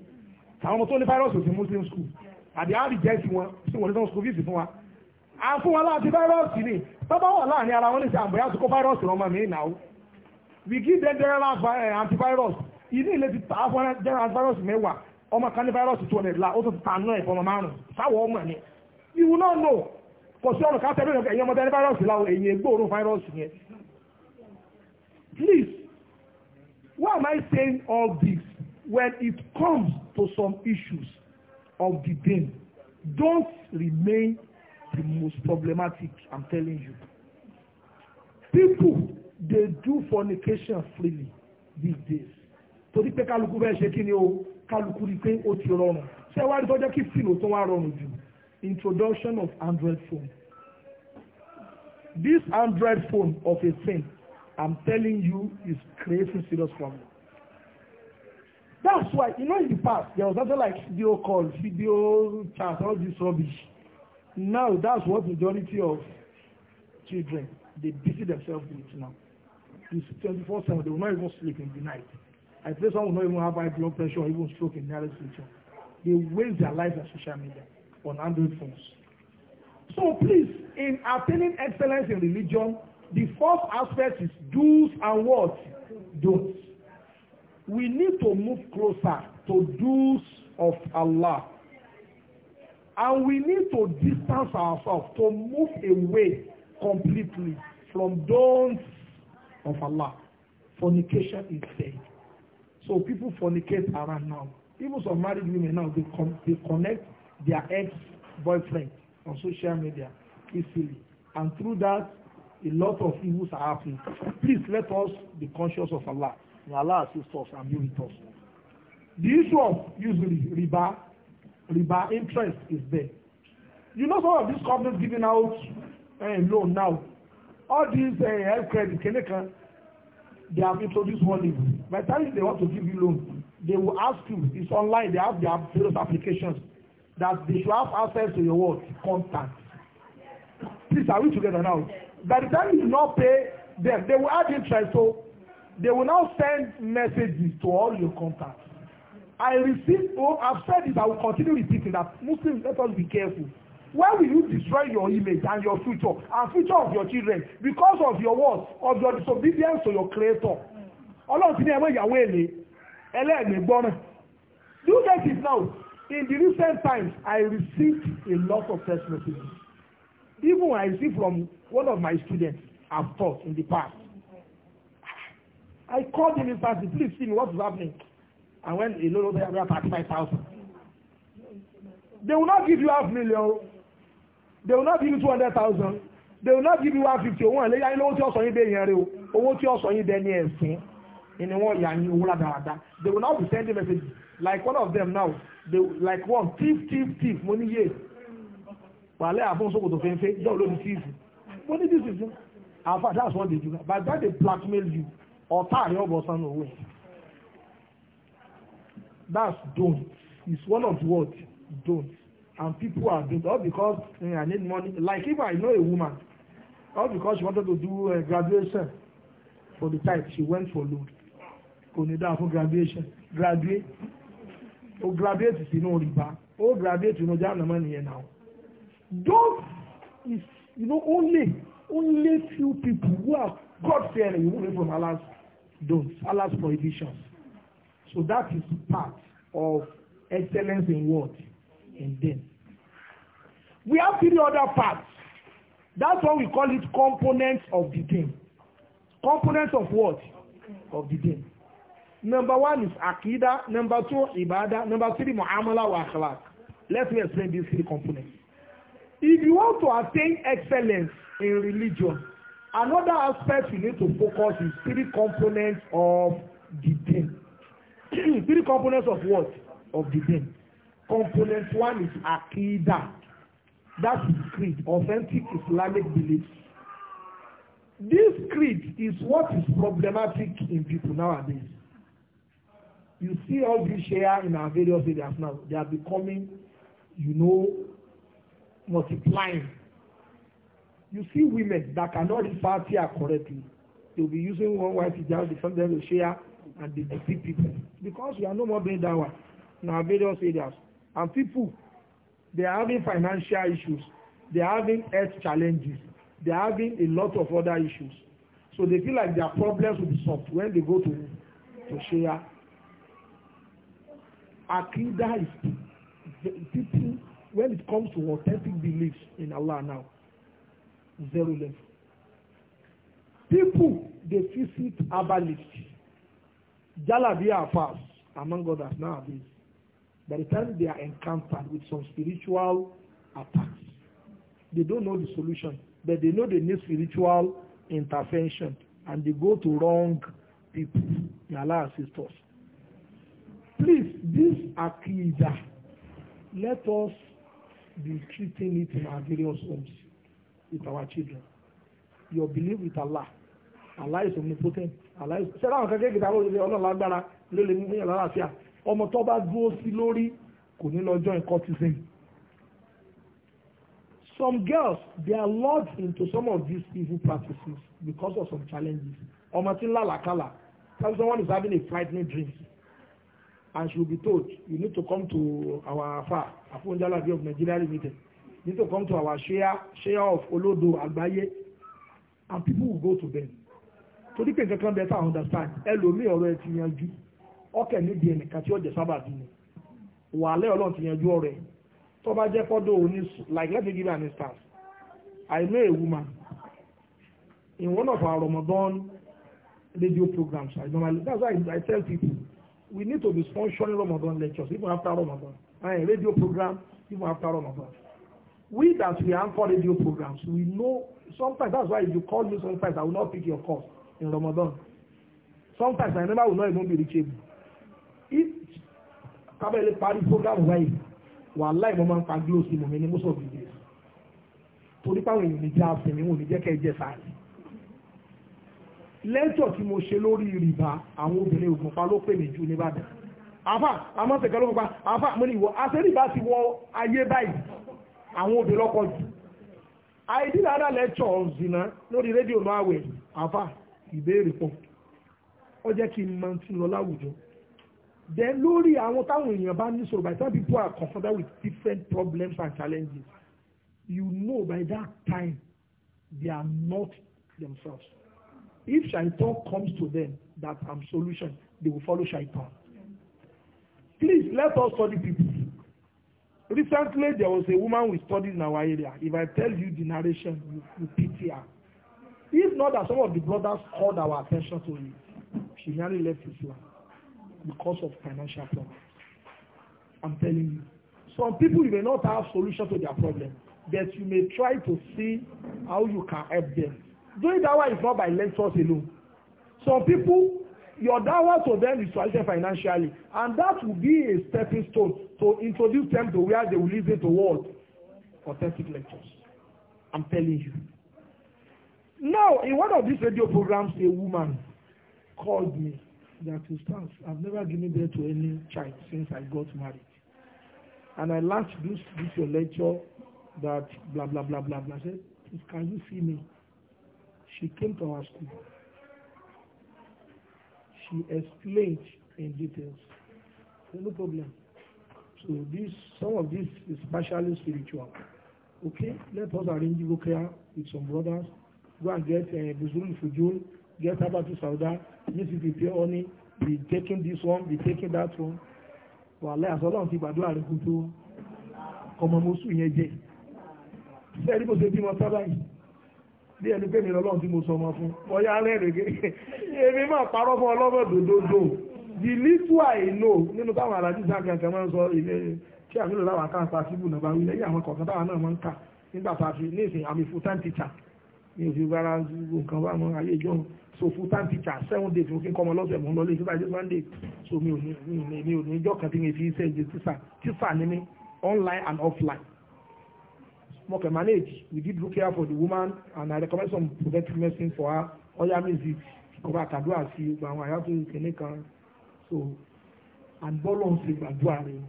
Àwọn ọmọ tó ní fáírọ̀sì sí Muslim school. Àbí á rí jẹ́sì wọn sí wọlé sọ́n school fees fún wa. À ń fún wọn láti fáírọ̀sì ni. Tọ́ba wà láàrin ara wọn ní ṣe àbọ̀yá tó kó fáírọ̀sì lọ́mọ mi náà. We give them general antivirus ilé ilé ti ta fún general virus mẹ́wàá ọmọ kan ní virus two hundred la ó tún ti ta náà ìfọmọ márùn sáwọ ọmọ ni you no know kò sí ọ̀nà káfẹ́ lónìí ẹ̀yin ọmọdé ní virus la èyí egbòòrùn virus yẹn please why am I saying all this when it comes to some issues of the day don't remain the most problematic I'm telling you people dey do fornication freely these days torí pé kálukú bẹ́ẹ̀ ṣe kí ni o kálukú rí i pé ó ti rọrùn ṣé wàá rí tọ́jọ́ kí fíìmù tó wá rọrùn jù introduction of android phone this android phone of a thing i'm telling you is creating serious problem that's why you know in the past there was something like video call video chat all this rubbish now that's what majority of children they busy themselves with now it's four seven, they will not even sleep in the night I pray someone will not even have high blood pressure or even stroke in the nearest future. They waste their lives on social media, on Android phones. So please, in attaining excellence in religion, the first aspect is do's and what? Don'ts. We need to move closer to do's of Allah. And we need to distance ourselves, to move away completely from don'ts of Allah. Fornication is sin. So people fornicate around now. Even some married women now, they, con they connect their ex-boyfriend on social media easily. And through that, a lot of evils are happening. Please let us be conscious of Allah. May Allah assist us and be with us. The issue of usually riba, riba interest is there. You know some of these companies giving out uh, loan now. All these uh, health credit, they have introduced money. By the time they want to give you loan, they will ask you, it's online, they have their various applications, that they should have access to your what? Contact. Please, are we together now? By the time you do not pay them, they will add interest. So they will now send messages to all your contacts. I received, oh, I've said this, I will continue repeating that Muslims, let us be careful. Why will you destroy your image and your future and future of your children because of your words of your disobedience to your creator? Ọlọ́run ti ní ẹ̀mọ́ ìyàwó èlé ẹlẹ́ẹ̀mí Do you get it now? In the recent times, I received a lot of text messages. Even I received from one of my students I've taught in the past. I called him in instantly, please see me, what is happening? And when he looked at five thousand, They will not give you half million they will not give you two hundred thousand they will not give you one fifty owó àléyá yín lówó tí ọ̀sán yín bẹ́ẹ̀ yẹn rẹ o owó tí ọ̀sán yín bẹ́ẹ̀ ní ẹ̀sìn ni wọ́n yà ní owó ládàáda they will not be sending messages like one of them now they like one thief thief thief mo ní yé wàhálẹ́ àfọ̀nsókòtò fẹ́ńfẹ́ jọ́ọ̀ ló ní thief mo ní this is it àfa that's what they do by that they blackmail you ọ̀tá àrẹ ọ̀bọ̀ sanu owó yẹn that's don't it's one of the words don't and people are doing all because uh, I need money. Like if I know a woman, all because she wanted to do uh, graduation for the type, she went for loan. Kò ní dáa fún graduation. Graduate. O graduate sínú rìbá. O graduate sínú jánàmọ́ nìyẹn náà. Those is you know only only few people who are God fearing you know from Allah's don't Allah's prohibitions. So that is part of excellence in what? in them. We have three other parts. That's why we call it components of the thing. Components of what? Of the thing. Number one is Akida. Number two, Ibadah. Number three, Mu'amala wa Akhlaq. Let me explain these three components. If you want to attain excellence in religion, another aspect you need to focus is three components of the thing. three components of what? Of the thing. Component one is Aqidah. That's creed, authentic Islamic beliefs. This creed is what is problematic in people nowadays. You see all these share in our various areas now. They are becoming, you know, multiplying. You see women that cannot refer to correctly. They will be using one white hijab, defend them to share, and they defeat people. Because we are no more doing that one in our various areas. And people, they are having financial issues. They are having health challenges. They are having a lot of other issues. So they feel like their problems will be solved when they go to, to Shia. Akida is people, when it comes to authentic beliefs in Allah now, zero level. People, they visit herbalists, Jalabi Afas, among others nowadays. By the time they are encountered with some spiritual attacks, they don't know the solution, but they know they need spiritual intervention and they go to wrong people. May Allah assist Please, this Akida, let us be treating it in our various homes with our children. Your belief with Allah. Allah is omnipotent. Allah is. Ṣé láwọn kankan kìtàbọ̀ ṣe ọlọ́run lágbára ló lè mú yàrá àlàáfíà? ọmọ tó bá dúró sí lórí kò ní lọ́jọ́ ìkọ́tísìn. Some girls they are lured into some of these evil practices because of some challenges. ọmọ tí ń làlàkàlà tell someone is having a frightening dream and she will be told you need to come to our afa afunjalabi of Nigeria Limited you need to come to our share share of Olodo Agbaye and people will go to them torí pé nǹkan kan better understand ẹlòmíì ọ̀rọ̀ ẹ ti yanjú ọkẹ̀ nídìí ẹnìkan tí ó jẹ sábàbí ni wàhálẹ́ ọlọ́run ti yanjú ọ̀rẹ́ tó bá jẹ́ fọ́dọ̀ òní like let me give you an instance I know a woman in one of our Ramadan radio programs I normally that's why I, I tell people we need to be sponsoring Ramadan lectures even after Ramadan and radio program even after Ramadan we that we anchor radio programs we know sometimes that's why if you call me sometimes I will not pick your call in Ramadan sometimes I never will not even be reachable kábẹ́lẹ̀ parí program báyìí wà láì mo máa ń pa glo sí mo mi ní most of the days torí páwọn èèyàn ní jẹ́ àfẹ̀mí wọn ò ní jẹ́ kẹ́ ẹ jẹ́ sáàrì lẹ́tọ̀ tí mo ṣe lórí rìbá àwọn obìnrin ògùnpá ló pè mí jù nìbàdàn àfà àmọ́ tẹ̀kẹ́ ló pa àfà mo ní ìwọ àṣẹ́rìbá ti wọ ayé báyìí àwọn obìnrin lọ́kọ̀ jù àìdílé ara lẹ́tọ̀ ọ̀zìnà lórí rédíò náà àwẹ̀ àfà ìbéèrè pọ̀ ó jẹ́ kí n máa ti lọ láwùjọ then lórí àwọn táwọn èèyàn bá ní sọ̀rọ̀ by the time people are confronted with different problems and challenges you know by that time they are not themselves if shaitan comes to them that am solution they will follow shaitan please let us study people recently there was a woman we studied in our area if I tell you the narration you, you pity her if not that some of the brothers called our attention to it she nearly left Islam because of financial problems. I'm telling you. Some people you may not have solution to their problem, but you may try to see how you can help them. Doing that dawa is not by lectures alone. Some people, your dawa to them is to financially, and that will be a stepping stone to introduce them to where they will live listen to what? Authentic lectures. I'm telling you. Now, in one of these radio programs, a woman called me are two stand. I've never given birth to any child since I got married. And I laughed this this your lecture that blah, blah, blah, blah, blah. I said, can you see me? She came to our school. She explained in details. no problem. So this, some of this is partially spiritual. Okay, let us arrange Ivokia with some brothers. Go and get a uh, eh, Buzuri Fujul, get Abatu Saudar, you should prepare honey be taking this one be taking that one wàhálà àsọlọ́run ti gbàdúrà rẹ̀ kó tó ọmọ mọ́sù yẹn jẹ́ sẹ́ẹ̀rí bó ṣe bímọ sábà yìí bí ẹni pé mi lọ́lọ́run tí mo sọ ọmọ fún ọyá rẹ̀rẹ̀gẹ́ èmi máa parọ́ fún ọlọ́mọ dòdòdò the little I know nínú táwọn alájú sákẹ̀kẹ̀ máa ń sọ ilé kí àmì lò láwọn akáǹpá síbù náà bá wí lẹ́yìn àwọn kọ̀ọ̀kan táwọn náà máa ń kà nígbà tá a fi ní ìsìn àmì full time teacher ní òfin bára nǹkan bá mọ ayé ìjọ so full time teacher seven days mo kí n kọ́ ọmọ lọ́sẹ̀ mo ń sunday so mi ò ní mi ò ní ìjọ kan tí mi fi ṣe ìjọ tíṣà tíṣà ni mi online and offline mo kẹ̀ manage we did look here for the woman and I recommend some preventive medicine for her ọ̀yá music ọba àtàdúrà sí gbogbo àwọn àyà tó kìíní kan so and bọ́lọ̀ ń ṣe gbàdúrà rẹ̀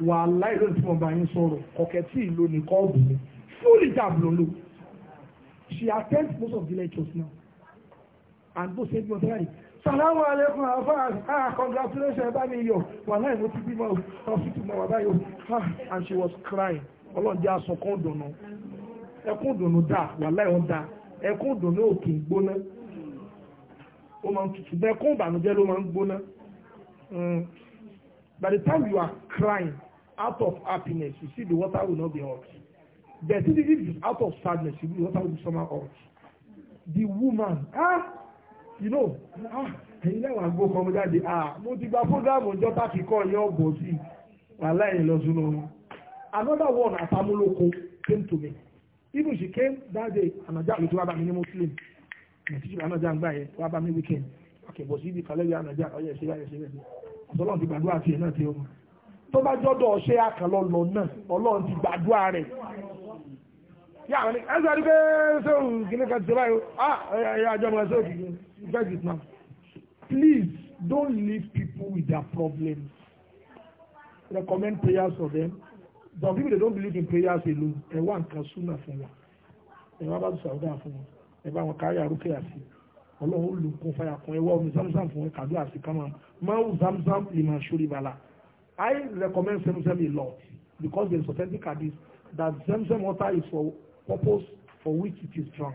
wà láìlóyún tí mo bá yín sọ̀rọ̀ kọ̀kẹ́ tí ìlú nìkan ọ̀bùn mi fúlì jàbùlọ̀ lò she attends most of the lectures now and bó ṣe bí wọn fẹ́ràn salamu alaikum afa ah congratulations bá Yo, yọ wà láì ti bí mọ ọsítù mọ wà ah and she was crying ọlọ́njẹ́ aṣọ kan dùnú ẹkún dùnú dà wà láì wọn dà ẹkún dùnú òkè gbóná ó máa ń tutù bẹ́ẹ̀ kún ìbànújẹ́ ló máa ń gbóná hmm. by the time you are crying out of happiness you see the water will not be hot. The city is out of sadness. She will not have someone else. The woman, ah, you know, ah, ẹ̀yin náà wàá gbó kan jáde ah mo ti gba fúdàmù ọjọ́ táàkì kọ́ ẹ̀yìn ọ̀gbọ̀n sí wàhálà ẹ̀yìn you know. Another one atamuloko came to me. Even she came that day, anaja ló ti to bá mi ní Muslim. My teacher I'm ń gbà yẹn wá bá mi came. Okay, but she be kalẹ́ yẹn anaja ọ̀yẹ̀ ṣe yáyẹ̀ ṣe yẹn. Ọ̀sọ́lọ́run ti gbàdúrà tiẹ̀ náà ti ọmọ. Tó bá jọ́dọ̀ ṣé àkàlọ́ lọ náà, Ọlọ́run ti gbàdúrà rẹ̀. Ah, please don't leave people with their problems recommend prayers for them Some people they don't believe in prayers alone ẹ wá nǹkan súnà fún wa ẹ wá bá sàwọ́dà fún wọn ẹ bá wọn kárí àrùkẹ́ àti ọlọ́run ó lò kún fàyà kan ẹ wá omi zamzam fún ẹ kàdúrà sí kámá máa ń zamzam ìmọ̀ àṣírí bala I recommend zamzam a lot because there authentic hadith that zamzam water is for purpose for which it is strong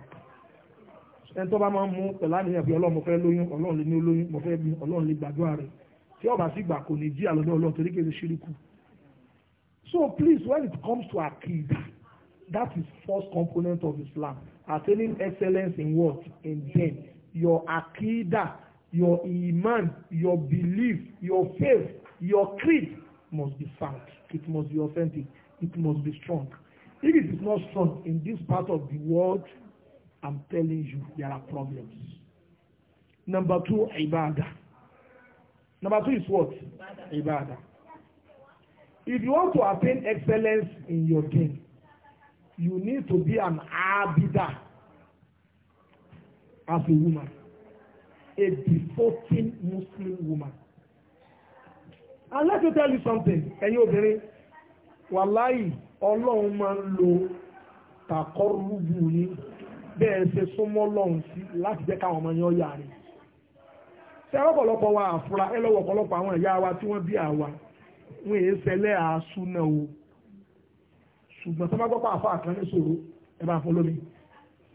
ẹni tó bá máa ń mú pẹ̀lú àníyàn pé ọlọ́run mo fẹ́ lóyún ọlọ́run lè ní olóyún mo fẹ́ bí ọlọ́run lè gbàdúrà rẹ̀ tí ọba sì gbà kò ní jí àlọ́dọ̀ ọlọ́run torí kèrè ṣíríkù so please when it comes to akid that is first component of Islam attaining excellence in what in them your akida your iman your belief your faith your creed must be sound it must be authentic it must be strong If it is not strong in this part of the world, I'm telling you, there are problems. Number two, ibada. Number two is what? Ibada. If you want to attain excellence in your game, you need to be an abidah as a woman, a devoting Muslim woman. And let me tell you something, ẹ̀yin obìnrin, wàláyìí ọlọ́run máa ń lo tàkọ́rùbù yín bẹ́ẹ̀ ṣe súnmọ́ lọ́run sí láti jẹ́ káwọn ọmọ yẹn ọ̀yà rẹ̀ ṣé ọlọ́pọ̀lọpọ̀ wa àfúrá ẹ lọ́wọ́ ọ̀pọ̀lọpọ̀ àwọn ìyá wa tí wọ́n bí àwa wọn èé ṣẹlẹ̀ àásù náà o ṣùgbọ́n tó bá gbọ́ pàfà kan ní ṣòro ẹ bá fún lómi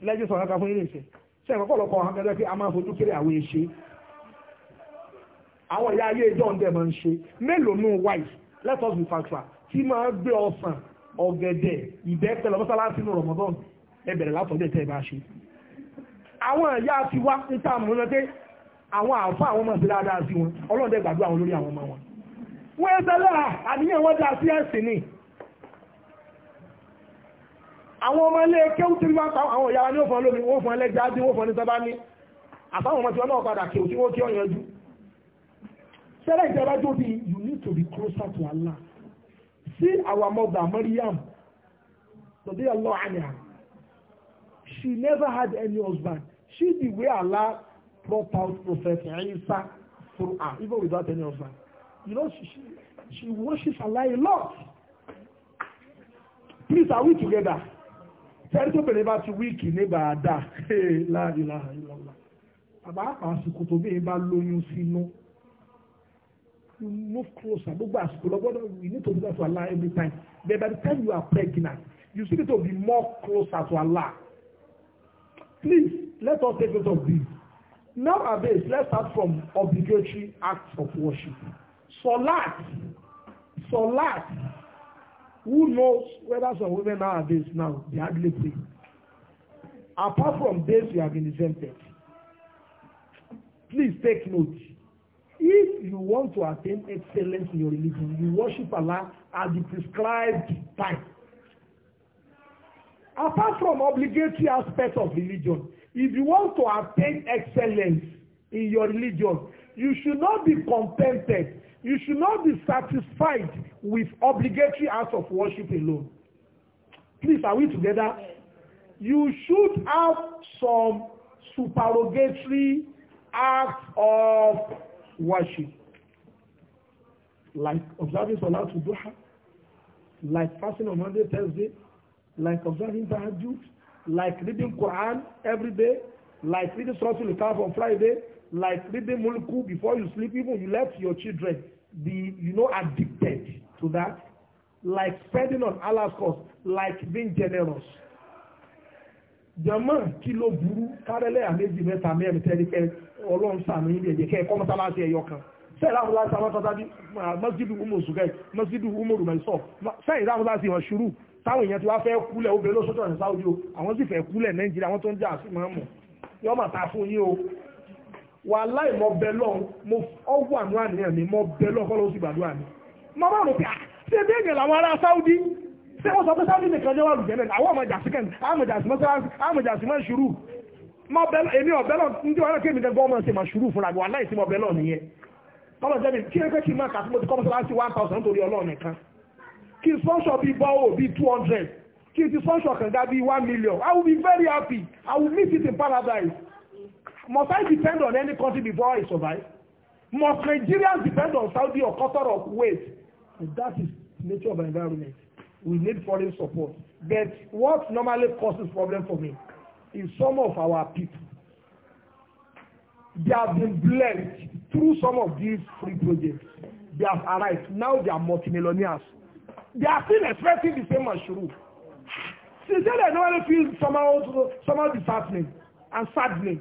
lẹ́jọ́ sọ̀rọ̀ ká fún yín nìṣẹ́ ṣé ọ̀pọ̀lọpọ̀ àwọn akẹ́kọ̀ọ́ pé a máa fojú kéré àwọn èṣe àwọn ìyá ayé ìjọ ń dẹ̀ máa ń ṣe mélòó nù wáì let us be factual tí máa gbé ọsàn ọ̀gẹ̀dẹ̀ ìbẹ́pẹ̀ lọ mọ́sálásí ní Ramadan ẹ bẹ̀rẹ̀ látọ̀dẹ̀ tẹ́ bá ṣe àwọn ẹ̀yà ti wá níta àmọ́ lọ pé àwọn àfa àwọn ọmọ sí dáadáa sí wọn ọlọ́dẹ gbàdúrà wọn lórí àwọn ọmọ wọn wọ́n ẹ sẹ́lá àníyàn wọn dá sí ẹ̀sìn ni àwọn ọmọ ilé kéwù tí wọ́n pa àwọn ìyá ní òfin olómi wọ́n fún ẹlẹ́jà dín wọ́n fún ẹni sábà ní àtàwọn ọmọ tí wọ́n náà padà kéwù tí wọ́n kí ọ̀yàn jù sẹ́lẹ̀ ìjọba tó bí you need to be closer to Allah See our mother, Maryam, Allah anha. She never had any husband. She the way Allah brought out Prophet Isa through her, even without any husband. You know, she, she, she worships Allah a lot. Please, are we together? Tẹ́lẹ̀ tó bẹ̀rẹ̀ bá ti wíìkì ní bàdà, láàrin láàrin lọ́la. Àbá àpá àsìkò tó bí bá lóyún sínú move closer as àsìkò lọ́gbọ́dọ̀ you need to do that to Allah every time but by the time you are pregnant you still need to be more closer to Allah please let us take note of this nowadays let's start from obligatory acts of worship solat solat who knows whether some women nowadays now they hardly pray apart from this we have been exempted please take note If you want to attain excellence in your religion, you worship Allah at the prescribed time. Apart from obligatory aspects of religion, if you want to attain excellence in your religion, you should not be contented. You should not be satisfied with obligatory acts of worship alone. Please, are we together? You should have some supererogatory acts of worship, like observing Salah to Duha, like fasting on Monday, Thursday, like observing Tahajjud, like reading Quran every day, like reading Surah Al-Kahf on Friday, like reading Mulku before you sleep, even you let your children be, you know, addicted to that, like spending on Allah's cause, like being generous jọmọ́ kí ló burú kárẹ́lẹ́ àméjì mẹ́ta mẹ́rin tẹ́lẹ̀ kẹ́ ọlọ́run sàmì ilé ẹ̀jẹ̀ kẹ́ ẹ̀kọ́ mọ́sálásí ẹ̀yọ kan sẹ́ẹ̀rẹ́ àwọn láti àwọn tọ́ta bí masjidu umu sugai masjidu umu rumaisọ sẹ́ẹ̀rẹ́ àwọn láti wọn ṣùrù táwọn èèyàn ti wá fẹ́ kúlẹ̀ obìnrin lóṣooṣù ọ̀sán sáwọ́dí o àwọn sì fẹ́ kúlẹ̀ nàìjíríà àwọn tó ń jà sí máa mọ̀ yọ mà ta fún yín o wà láì mọ bẹ lọ́hùn mo ọwọ́ àánú àníyàn mi mọ bẹ lọ́hùn kọ́ ló sì gbàdúrà mi mo bá rò pé ṣé bẹ́ẹ̀ yẹn làwọn ará Saudi ṣé wọ́n sọ pé sábì nìkan jẹ́ wọ́n lùjẹ́ náà àwọn ọmọjà sí kẹ́ni àmọ̀jà sí mọ́sálásí àmọ̀jà sí mọ́ ṣùrù èmi ọ̀bẹ́ lọ ní wọn kéèmí gẹ́gẹ́ ọmọ ṣe mà ṣùrù fúnra mi wà láì sí ọbẹ̀ lọ nìyẹn kọ́lọ̀ jẹ́mi kí ẹ fẹ́ kí n máa kàtí mo ti kọ́ thousand torí ọlọ́ọ̀ nìkan kí n sponsor two hundred kí n ti sponsor kànga bíi one million I will be very happy I will meet it in paradise must I depend on any country before I survive must Nigerians depend on Saudi or Qatar or Kuwait that is nature of environment we need foreign support. But what normally causes problem for me is some of our people. They have been blessed through some of these free projects. They have arrived. Now they are multimillionaires. They are still expecting the same as Shuru. Sincerely, I normally feel somehow, somehow disheartening and saddening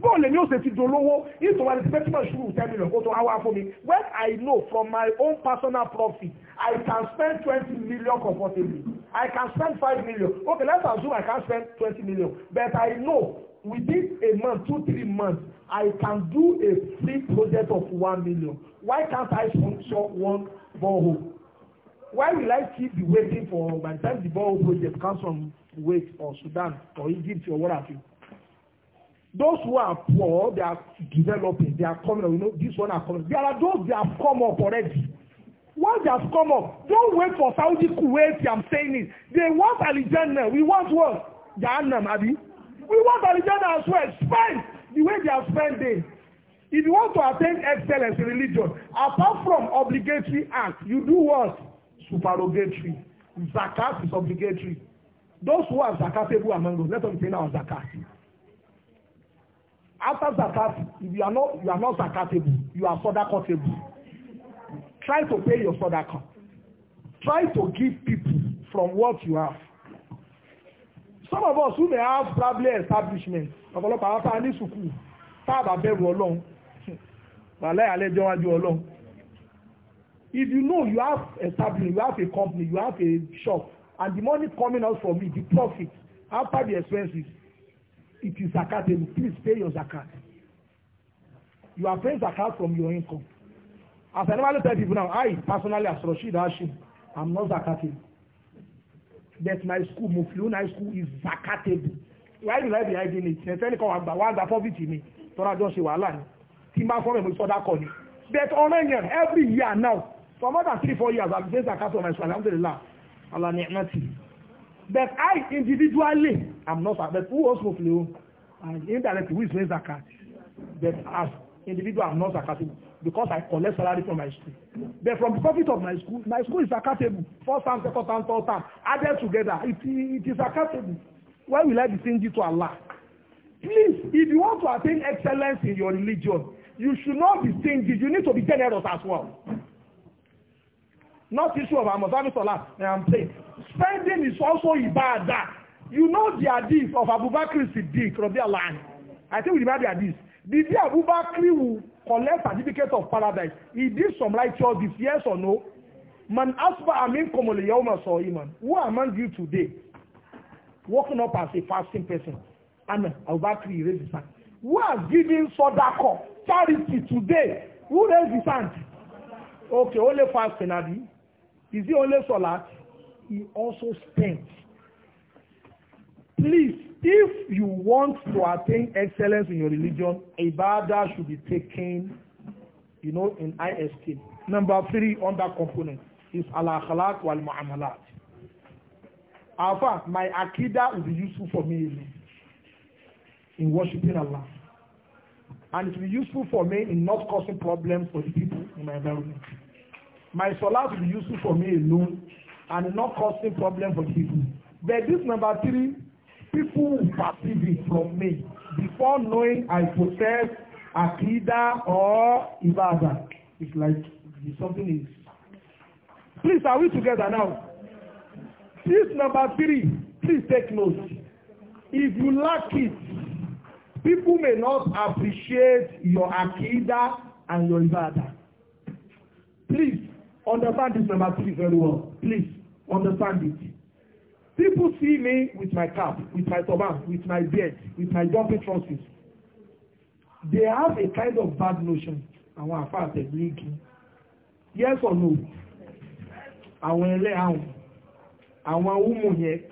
bọ́ọ̀lù èmi ò sì ti dolówó ìtò wa ní pé tí mo ṣubú ten million kó tó wá fún mi when I know from my own personal profit I can spend twenty million comfortably I can spend five million okay let's assume I can spend twenty million but I know within a month two three months I can do a free project of one million why can't I sponsor one borehole why will I keep waiting for by the time the borehole project comes from Kuwait or Sudan or Egypt or what have you Those who are poor, they are developing, they are coming up. You know, this one are coming. There are those they have come up already. Once they have come up, don't wait for Saudi Kuwait, I'm saying it. They want Alijanna. We want what? Jahannam, Abi. We want Alijanna as well. Spend the way they are spending. If you want to attain excellence in religion, apart from obligatory act, you do what? Supererogatory. Zakat is obligatory. Those who are zakatable among us, let us pay our zakat. After zakat, if you are not you are not zakatable, you are sadaqatable. Try to pay your sadaqah. Try to give people from what you have. Some of us who may have probably establishment, ọ̀pọ̀lọpọ̀ àwọn tá a ní sùkúù, tá a bá bẹ̀rù ọlọ́run, wàhálà àlejò wájú ọlọ́run. If you know you have establishment, you have a company, you have a shop, and the money coming out from it, the profit after the expenses, it is zakat then please pay your zakat you are paying zakat from your income as i normally tell people now i personally as rasheed hashim i'm not zakating. that my school mufliun high school is zakatable why do i be hiding it ṣe sẹ́ni kan wà gbà wá gba fọ́fìtì mi tọ́ra jọ ṣe wàhálà ni tí n bá fọ́ọ̀mù ìmọ̀ ìsọdá kọ but ọ̀rẹ́ every year now for more than three four years i been paying zakat for my school alhamdulilah ala ni ẹ̀ ti. But I individually, am not, but who also flew? And indirectly, who is paying zakat? But as individual, I'm not zakatable because I collect salary from my school. But from the profit of my school, my school is zakatable. First time, second time, third time, added together, it, it is zakatable. Why will I be singing to Allah? Please, if you want to attain excellence in your religion, you should not be stingy. You need to be generous as well not issue of I'm observing Salah, am saying. Spending is also ibadah. You know the hadith of Abu Bakr Siddiq, Rabiallah. I think we remember the hadith. The day Abu Bakr will collect certificate of paradise, he did some righteous deeds, yes or no? Man asba amin komole yawma sa'iman. Who among you today, walking up as a fasting person, and Abu Bakr raised his hand. Who has given sadaqa, charity today? Who raised his hand? Okay, only fasting, Abi. Is he only Salat? He also spends. Please, if you want to attain excellence in your religion, Ibadah should be taken, you know, in high esteem. Number three under component is Al-Akhlaq wal-Mu'amalat. Alpha, my Akida will be useful for me in worshiping Allah. And it will be useful for me in not causing problems for the people in my environment. My solar will be useful for me alone and not causing problem for people. But this number three, people will perceive it from me before knowing I possess akida or ibada. It's like something is. Please, are we together now? This number three, please take note. If you lack it, people may not appreciate your akida and your ibada. Please, Understand this number three very well. Please, understand it. People see me with my cap, with my turban, with my beard, with my jumping trousers. They have a kind of bad notion. Àwọn àfáà tẹ̀lé igi. Yes or no? Àwọn ẹlẹ́ àwọn. Àwọn awúmọ̀ yẹn.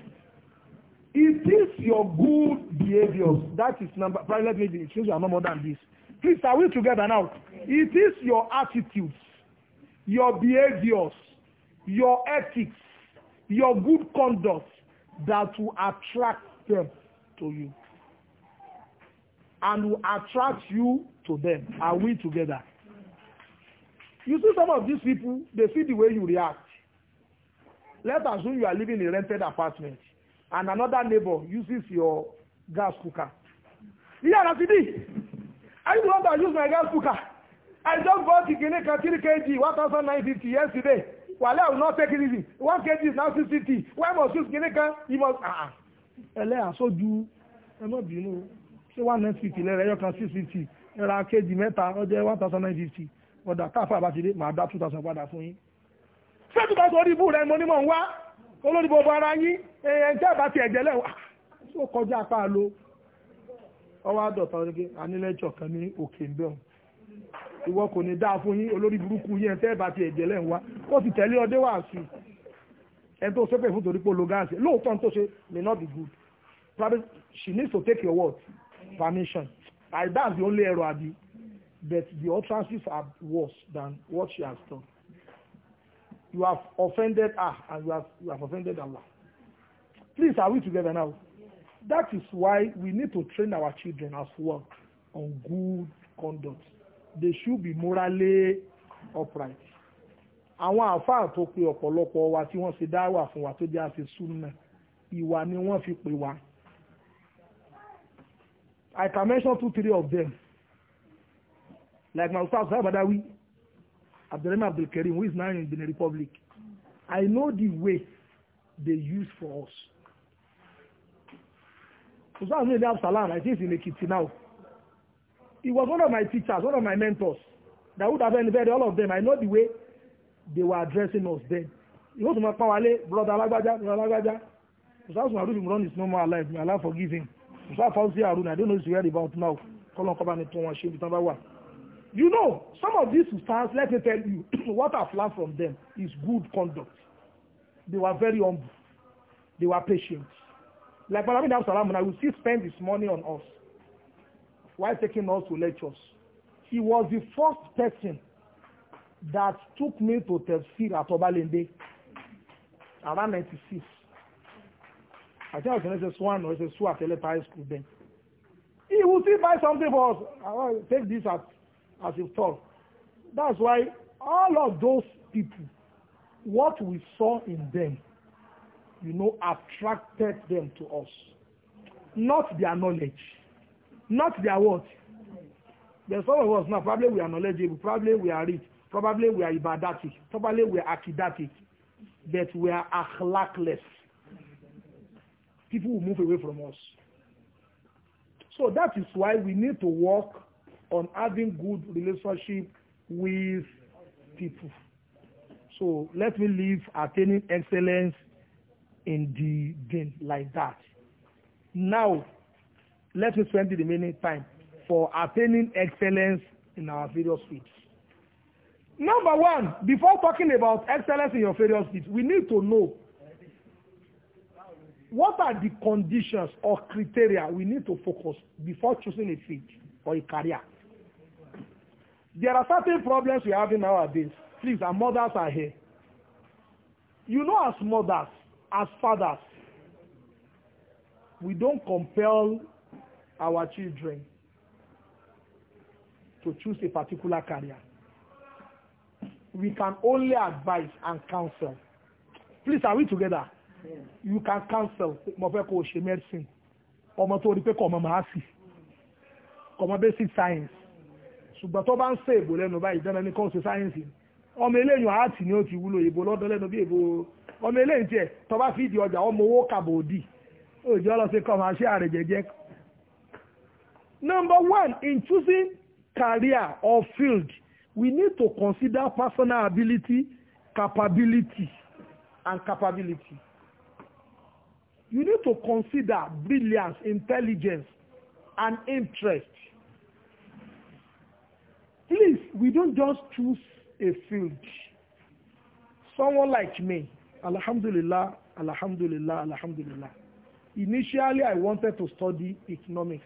It is your good behaviours. That is number. Probably let me change your number than this. Please, are we together now? It is your attitudes your behaviors, your ethics, your good conduct that will attract them to you. And will attract you to them. Are we together? You see some of these people, they see the way you react. Let's assume you are living in a rented apartment and another neighbor uses your gas cooker. Yeah, that's it. I don't want to use my gas cooker. I just bought the guinea can 3 kg, 1,950 yesterday. Wàlẹ́ I will not take it easy. One kg is now 650. Why must you guinea can? You must. Ah, ah. Ẹlẹ́ àṣojú ẹ má bínú ṣé one nine fifty lẹ́rẹ̀ ẹyọ kan six fifty ẹ̀rọ kg mẹ́ta ọjọ́ one thousand nine fifty ọ̀dà káfà àbátidé today dá two thousand padà fún yín. Ṣé tí kò sọ orí ibú rẹ̀ mo ní mò ń wá? Olórí gbogbo ara yín ẹ̀yẹ ẹ̀jẹ̀ àbá ti ẹ̀jẹ̀ lẹ́wọ̀ ah, ó kọjá apá lo. Ọwọ́ àdọ̀tà oníke anílẹ́jọ̀ kan ní òkè ń bẹ̀rù ìwọ kò ní dáa fún yín olórí burúkú yín ẹ̀fẹ́ bá ti ẹ̀jẹ̀ lẹ́hìn wa ó ti tẹ̀lé ọdẹ wá sí i ẹni tó ṣépè fún torí pé ológáàsì lóòótọ́ tó ṣe may not be good probably she needs to take your word permission i that's the only error abi but the utterances are worse than what she has done you have offended her and you have you have offended Allah please are we together now that is why we need to train our children as well on good conduct they should be morally upright. àwọn àáfàá tó pe ọ̀pọ̀lọpọ̀ wa tí wọ́n ṣe dáwà fún wa tó jẹ́ àṣẹ súnà ìwà ni wọ́n fi pè wá. I can mention two three of them like my ustaz Abadawi Abdulrahman Abdulkarim who is now in Benin Republic I know the way they use for us. Ustaz Abdulkarim Absalam I think he's in Ekiti now He was one of my teachers, one of my mentors that would have been very. all of them. I know the way they were addressing us then. You know, to my power, eh? brother Lagbaja, brother Lagbaja. Because my room run is no more May Allah forgive him. So I Arun. I don't know if you heard about now. Colon Kobane Toma Shebi number one. You know, some of these stars, let me tell you, what I've learned from them is good conduct. They were very humble. They were patient. Like Malamin Absalam, I will still spend this money on us while taking us to lectures. He was the first person that took me to Tefsir at Obalende around 96. I think I was in SS1 or SS2 at Elepa High School then. He would still buy something for us. I will take this as, as a thought. That's why all of those people, what we saw in them, you know, attracted them to us. Not their knowledge not their what there's some of us now probably we are knowledgeable probably we are rich probably we are ibadatic probably we are akidatic but we are akhlakless people will move away from us so that is why we need to work on having good relationship with people so let me leave attaining excellence in the game like that now Let us spend the remaining time for attaining excellence in our various fields. Number one, before talking about excellence in your various fields, we need to know what are the conditions or criteria we need to focus before choosing a field or a career. There are certain problems we are having nowadays. Please, our mothers are here. You know, as mothers, as fathers, we don't compel our children to choose a particular career. We can only advise and counsel. Please, are we together? Yeah. You can counsel. Mo fẹ́ kó o ṣe medicine. Ọmọ tó rí pé kò ọmọ màá sì. Ọmọ basic science. Ṣùgbọ́n tó bá ń ṣe èbò lẹ́nu báyìí dáná ní kọ́ọ̀sì sáyẹ́nsì. Ọmọ eléyìn àátì ni ó ti wúlò èbò lọ́dọ̀ lẹ́nu bí èbò. Ọmọ eléyìn tiẹ̀ tó bá fi ìdí ọjà ọmọ owó kàbò òdì. Òjò ọlọ́sẹ̀ kọ́ máa ṣe àrẹ̀jẹ̀jẹ̀ Number one, in choosing career or field, we need to consider personal ability, capability, and capability. You need to consider brilliance, intelligence, and interest. Please, we don't just choose a field. Someone like me, Alhamdulillah, Alhamdulillah, Alhamdulillah. Initially, I wanted to study economics.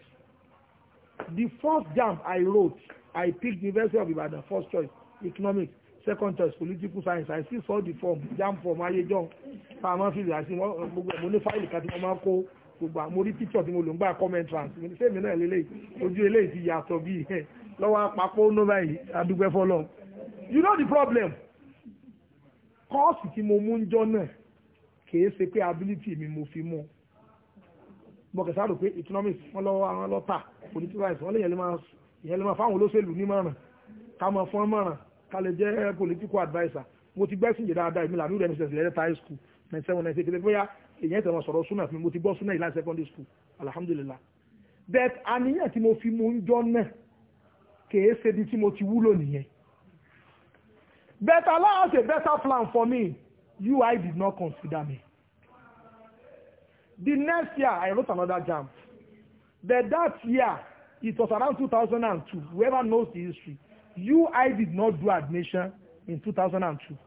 The first jam I wrote, I picked University of Ibadan, first choice, economics, second choice, political science. I still saw the form, jam form, Ayejo, Pharmaphysics, I see gbogbo ẹ̀ mo ní fáìlì kan tí mo máa ń kó gbogbo àmọ́ orí píṣọ̀ tí mo lò ń gbà comment trans. Mo ní sẹ́mi náà lélẹ̀ ojú eléyìí ti yàtọ̀ bí ẹ̀ lọ́wọ́ àpapọ̀ nọ́mbà yìí adúgbẹ́ fọlọ́. You know the problem? Kọ́ọ̀sì tí mo mú ń jọ náà kì í ṣe pé ability mi mo fi mú un mọ̀kẹ̀sá rò pé economics wọ́n lọ́wọ́ àwọn lọ́tà politicize wọ́n lè lè máa fáwọn olóṣèlú nímọ̀ràn ká máa fún ọmọràn ká lè jẹ́ political adviser mo ti gbẹ́sìn yìí dáadáa èmi làánú rẹ̀ mi sẹ̀sìn school ninety bóyá èyàn tẹ̀wọ̀n sọ̀rọ̀ súnà fún mi mo ti gbọ́ súnà yìí secondary school alhamdulillah but àníyàn tí mo fi mú ń jọ náà kèé ṣe di tí mo ti wúlò nìyẹn but Allah has a better plan for me you I did not consider me The next year, I wrote another jam. But that year, it was around 2002. Whoever knows the history, UI did not do admission in 2002.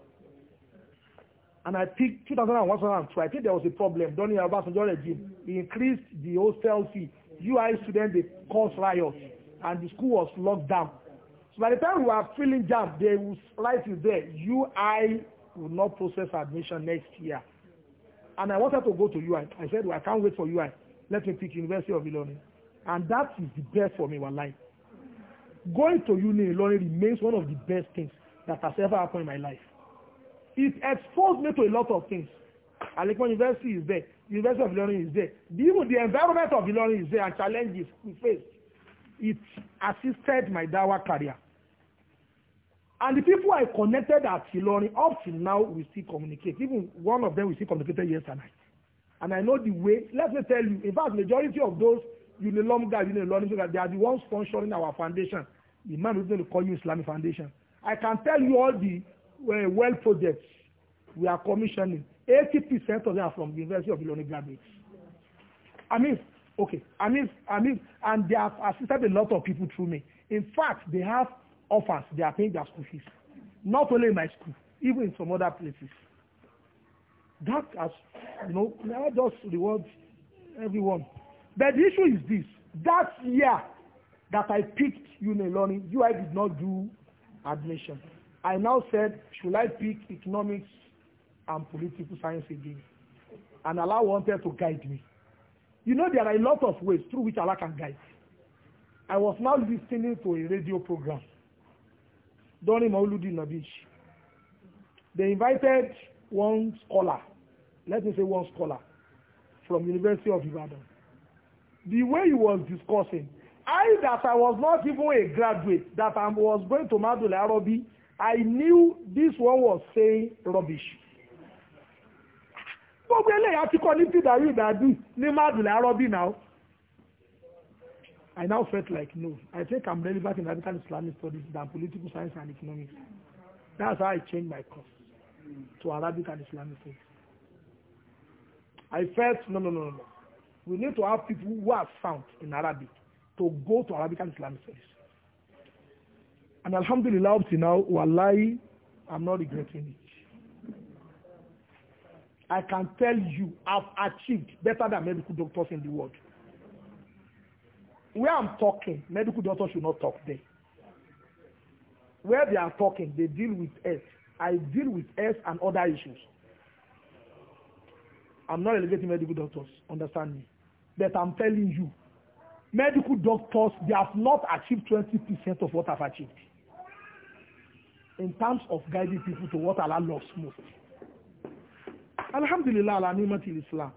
And I picked 2001, 2002. I think there was a problem during the Obasanjo regime. He increased the hostel fee. UI students, they caused riot, And the school was locked down. So by the time we were filling jam, they will write you there, UI will not process admission next year and I wanted to go to UI. I said, well, I can't wait for UI. Let me pick University of Illinois." And that is the best for me in my life. Going to uni in Illinois remains one of the best things that has ever happened in my life. It exposed me to a lot of things. Alekma University is there. University of Illinois is there. even the environment of Illinois is there and challenges we faced. It assisted my Dawa career. And the people I connected at Ilorin up till now we still communicate. Even one of them we still communicated yesterday night. And I know the way. Let me tell you, in fact, majority of those Unilom guys, Unilom guys, they are the ones sponsoring our foundation. The man who's going to call you Islamic Foundation. I can tell you all the uh, well projects we are commissioning. 80% of them are from the University of Ilorin graduates. I mean, okay. I mean, I mean, and they have assisted a lot of people through me. In fact, they have offers they are paying their school fees. Not only in my school, even in some other places. That has, you know, never just rewards everyone. But the issue is this. That year that I picked uni learning, UI did not do admission. I now said, should I pick economics and political science again? And Allah wanted to guide me. You know, there are a lot of ways through which Allah can guide. I was now listening to a radio program during Mauludi Nabi. They invited one scholar, let me say one scholar, from University of Ibadan. The way he was discussing, I that I was not even a graduate, that I was going to Madul Arabi, I knew this one was saying rubbish. Gbogbo eléyà ti kọ́ ní Fídàrí Ìbàdí ní Madul Arabi now. I now felt like, no, I think I'm relevant in radical Islamic studies than political science and economics. That's how I changed my course to Arabic and Islamic studies. I felt, no, no, no, no. We need to have people who are sound in Arabic to go to Arabic and Islamic studies. And alhamdulillah, up to now, wallahi, I'm not regretting it. I can tell you, I've achieved better than medical doctors in the world where I'm talking, medical doctors should not talk there. Where they are talking, they deal with us. I deal with us and other issues. I'm not elevating medical doctors, understand me. But I'm telling you, medical doctors, they have not achieved 20% of what I've achieved in terms of guiding people to what Allah loves most. Alhamdulillah, ala ni'matil Islam,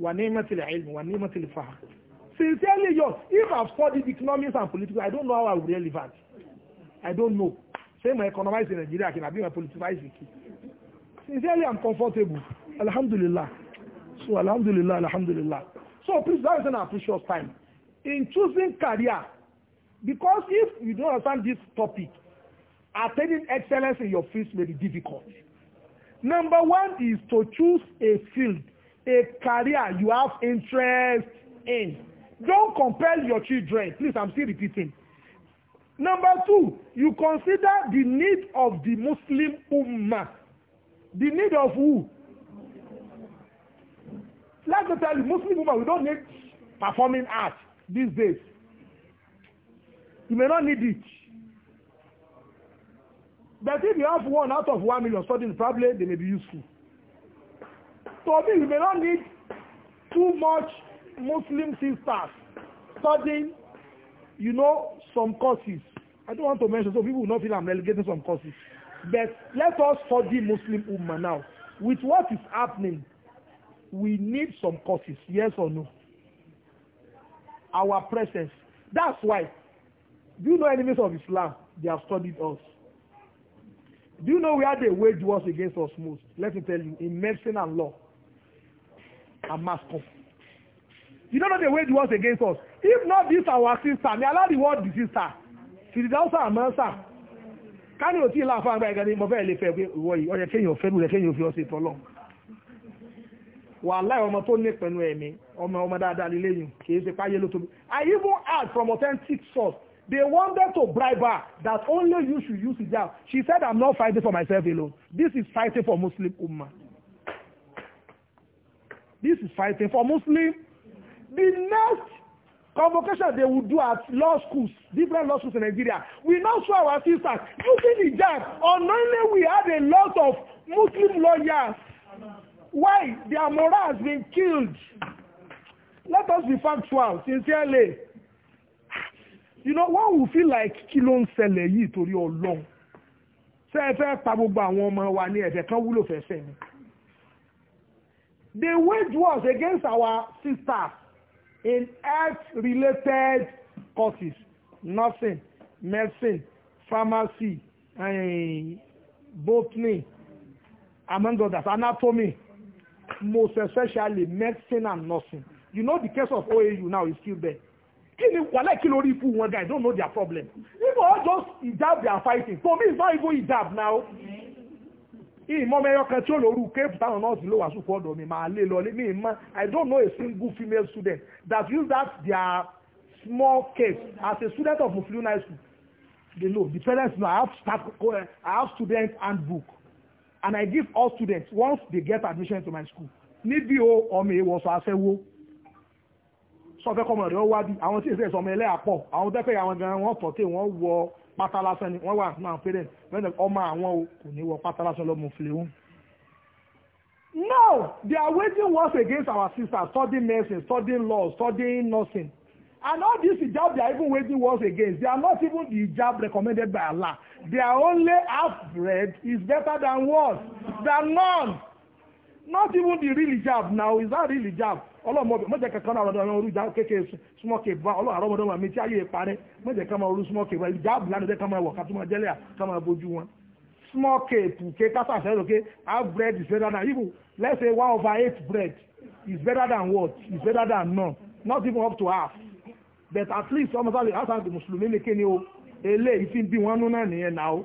wa ni'matil ilm, wa ni'matil faham. Sincerely yours. If I've studied economics and politics, I don't know how I would be relevant. I don't know. Say my economics in Nigeria, I can be my politicized wiki. Sincerely, I'm comfortable. Alhamdulillah. So, Alhamdulillah, Alhamdulillah. So, please, that is an precious time. In choosing career, because if you don't understand this topic, attaining excellence in your field may be difficult. Number one is to choose a field, a career you have interest in. Don't compel your children. Please, I'm still repeating. Number two, you consider the need of the Muslim Ummah. The need of who? Let me tell you, Muslim Ummah, we don't need performing art these days. You may not need it. But if you have one out of one million students, probably they may be useful. So me, mean, you may not need too much Muslim sisters studying, you know, some courses. I don't want to mention, so people will not feel I'm relegating some courses. But let us study Muslim Ummah now. With what is happening, we need some courses, yes or no? Our presence. That's why. Do you know enemies of Islam? They have studied us. Do you know where they wage wars against us most? Let me tell you, in medicine and law, and mass conflict. You don't know way wage wars against us. If not this our sister, may Allah reward the sister. She did also a man. Sir, can you see ìlà àfáà àgbà ìgbà ni mo fẹ́ lè fẹ́ pé ìwọ yìí ọyẹ kéèyàn fẹ́ lulẹ̀ kéèyàn fi ọsẹ tọ́lọ̀. Wàhálà ọmọ tó ní pẹ̀lú ẹ̀mí ọmọ ọmọ dáadáa lílé yìí kì í ṣe páyé ló tóbi. I even heard from authentic source they wanted to bribe her that only you should use hijab. She said I'm not fighting for myself alone. This is fighting for Muslim Ummah. This is fighting for Muslim the next convocation they will do at law schools, different law schools in Nigeria, we now show our sisters using hijab. Unknowingly, we had a lot of Muslim lawyers. Why? Their morale has been killed. Let us be factual, sincerely. You know, one will feel like kilo ló ń ṣẹlẹ̀ yìí olon. Ọlọ́run. Ṣé ẹ fẹ́ pa gbogbo àwọn ọmọ wa ní ẹ̀fẹ̀ kan wúlò fẹ́fẹ́ ni? They wage wars against our sisters in health-related courses nursing medicine pharmacy um, botany among others anatomy most especially medicine and nursing you know the case of OAU now is still there kí ni wàhálà kí lórí ikú wọn guy don't know their problem people all just hijab they are fighting for me it's not even hijab now ìmọ̀mẹ́yọ kan tí ó lóru kéèpù táwọn nọ́ọ̀sì ló wà sùkú ọ̀dọ̀ mi máa lé lọlé mi mọ́ I don't know a single female student that use that their small case as a student of Muslim high school they know the parents know I have start eh, I have student handbook and I give all students once they get admission to my school níbi o ọmọ èèwọ̀ sọ aṣẹ́wó sọfẹ́ kọ́mọ̀ rẹ̀ wá bí àwọn tí ìṣe ìsọmọ ẹlẹ́yà pọ̀ àwọn tẹ́fẹ́ àwọn gan wọ́n tọ́ tí wọ́n wọ pátá ni wọ́n wà fún àwọn parent wọ́n ọmọ àwọn kò ní wọ pátá lọ́mọ fìlẹ́hún. Now they are waging wars against our sisters studying medicine studying law studying nursing and all these hijab they are even waging wars against they are not even the hijab recommended by Allah Their only half breed is better than worse than none. not even the real hijab now is that real hijab ọlọ́mọbẹ̀ mọ́jẹ̀ kankan náà ọ̀rọ̀dọ̀ orú ìjà kéèké small cave bá ọlọ́run àrọ́mọdọ́ wọn àmì tí ayé parẹ́ mọ́jẹ̀ kan máa orú small cave hijab lánàá jẹ́ kan máa wọ̀ ká tó máa jẹ́lẹ̀ ká máa bójú wọn small cave ké kásà half bread is better than even let's say one over eight bread is better than what is better than none not even up to half but at least ọmọ sáré house and mùsùlùmí ni o ele bí wọn nú náà o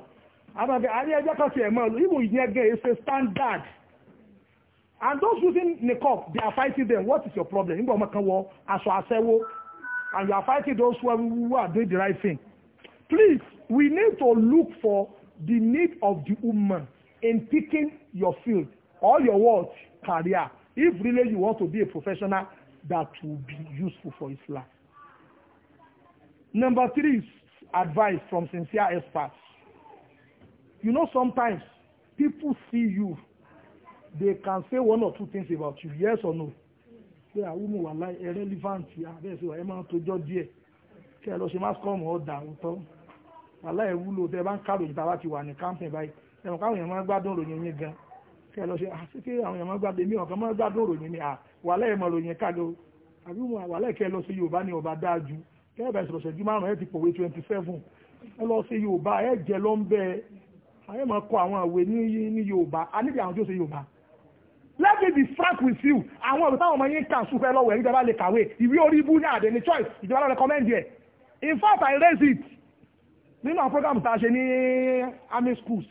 and those using niqab they are fighting them what is your problem nígbà ọmọ kan wọ aṣọ aṣẹ́wó and you are fighting those who are doing the right thing please we need to look for the need of the woman in picking your field or your work career if really you want to be a professional that will be useful for Islam. Number three advice from sincere experts. You know sometimes people see you they can say one or two things about you yes or no pé àwùmù wà láì Irrelevant, relevant abẹ́ sí wa ẹ máa tójọ́ díẹ̀ kí ẹ lọ ṣe mascom ọ̀dà àwùtọ́ wà láì wúlò tẹ bá ń káròyìn tá a bá ti wà ní campaign báyìí ẹ̀wọ̀n káwọn èèyàn máa gbádùn ròyìn yín gan kí ẹ lọ ṣe àti kí àwọn èèyàn máa gbádùn èmi ọ̀kan máa gbádùn ròyìn ni wà láì mọ̀ ròyìn káàdó àwùmù wà láì kẹ́ ẹ lọ sí Yorùbá ní ọba dáájú kẹ́ ẹ bá ìṣòṣẹ́jú márùn-ún ẹ ti pòwe twenty seven ẹ lọ sí Yorùbá ẹ jẹ lọ́ńbẹ́ ayé máa kọ àwọn àwẹ̀ ní Yorùbá a níbi àwọn tó ṣe Yorùbá let me be frank with you àwọn ọ̀rọ̀ táwọn ọmọ yín kà sùn fẹ́ lọ́wọ́ ẹ̀rí ìjọba lè kàwé ìwé orí ibú ní àdéni choice ìjọba lọ́wọ́ recommend yẹ in fact I raise it nínú àwọn program tá a ṣe ní army schools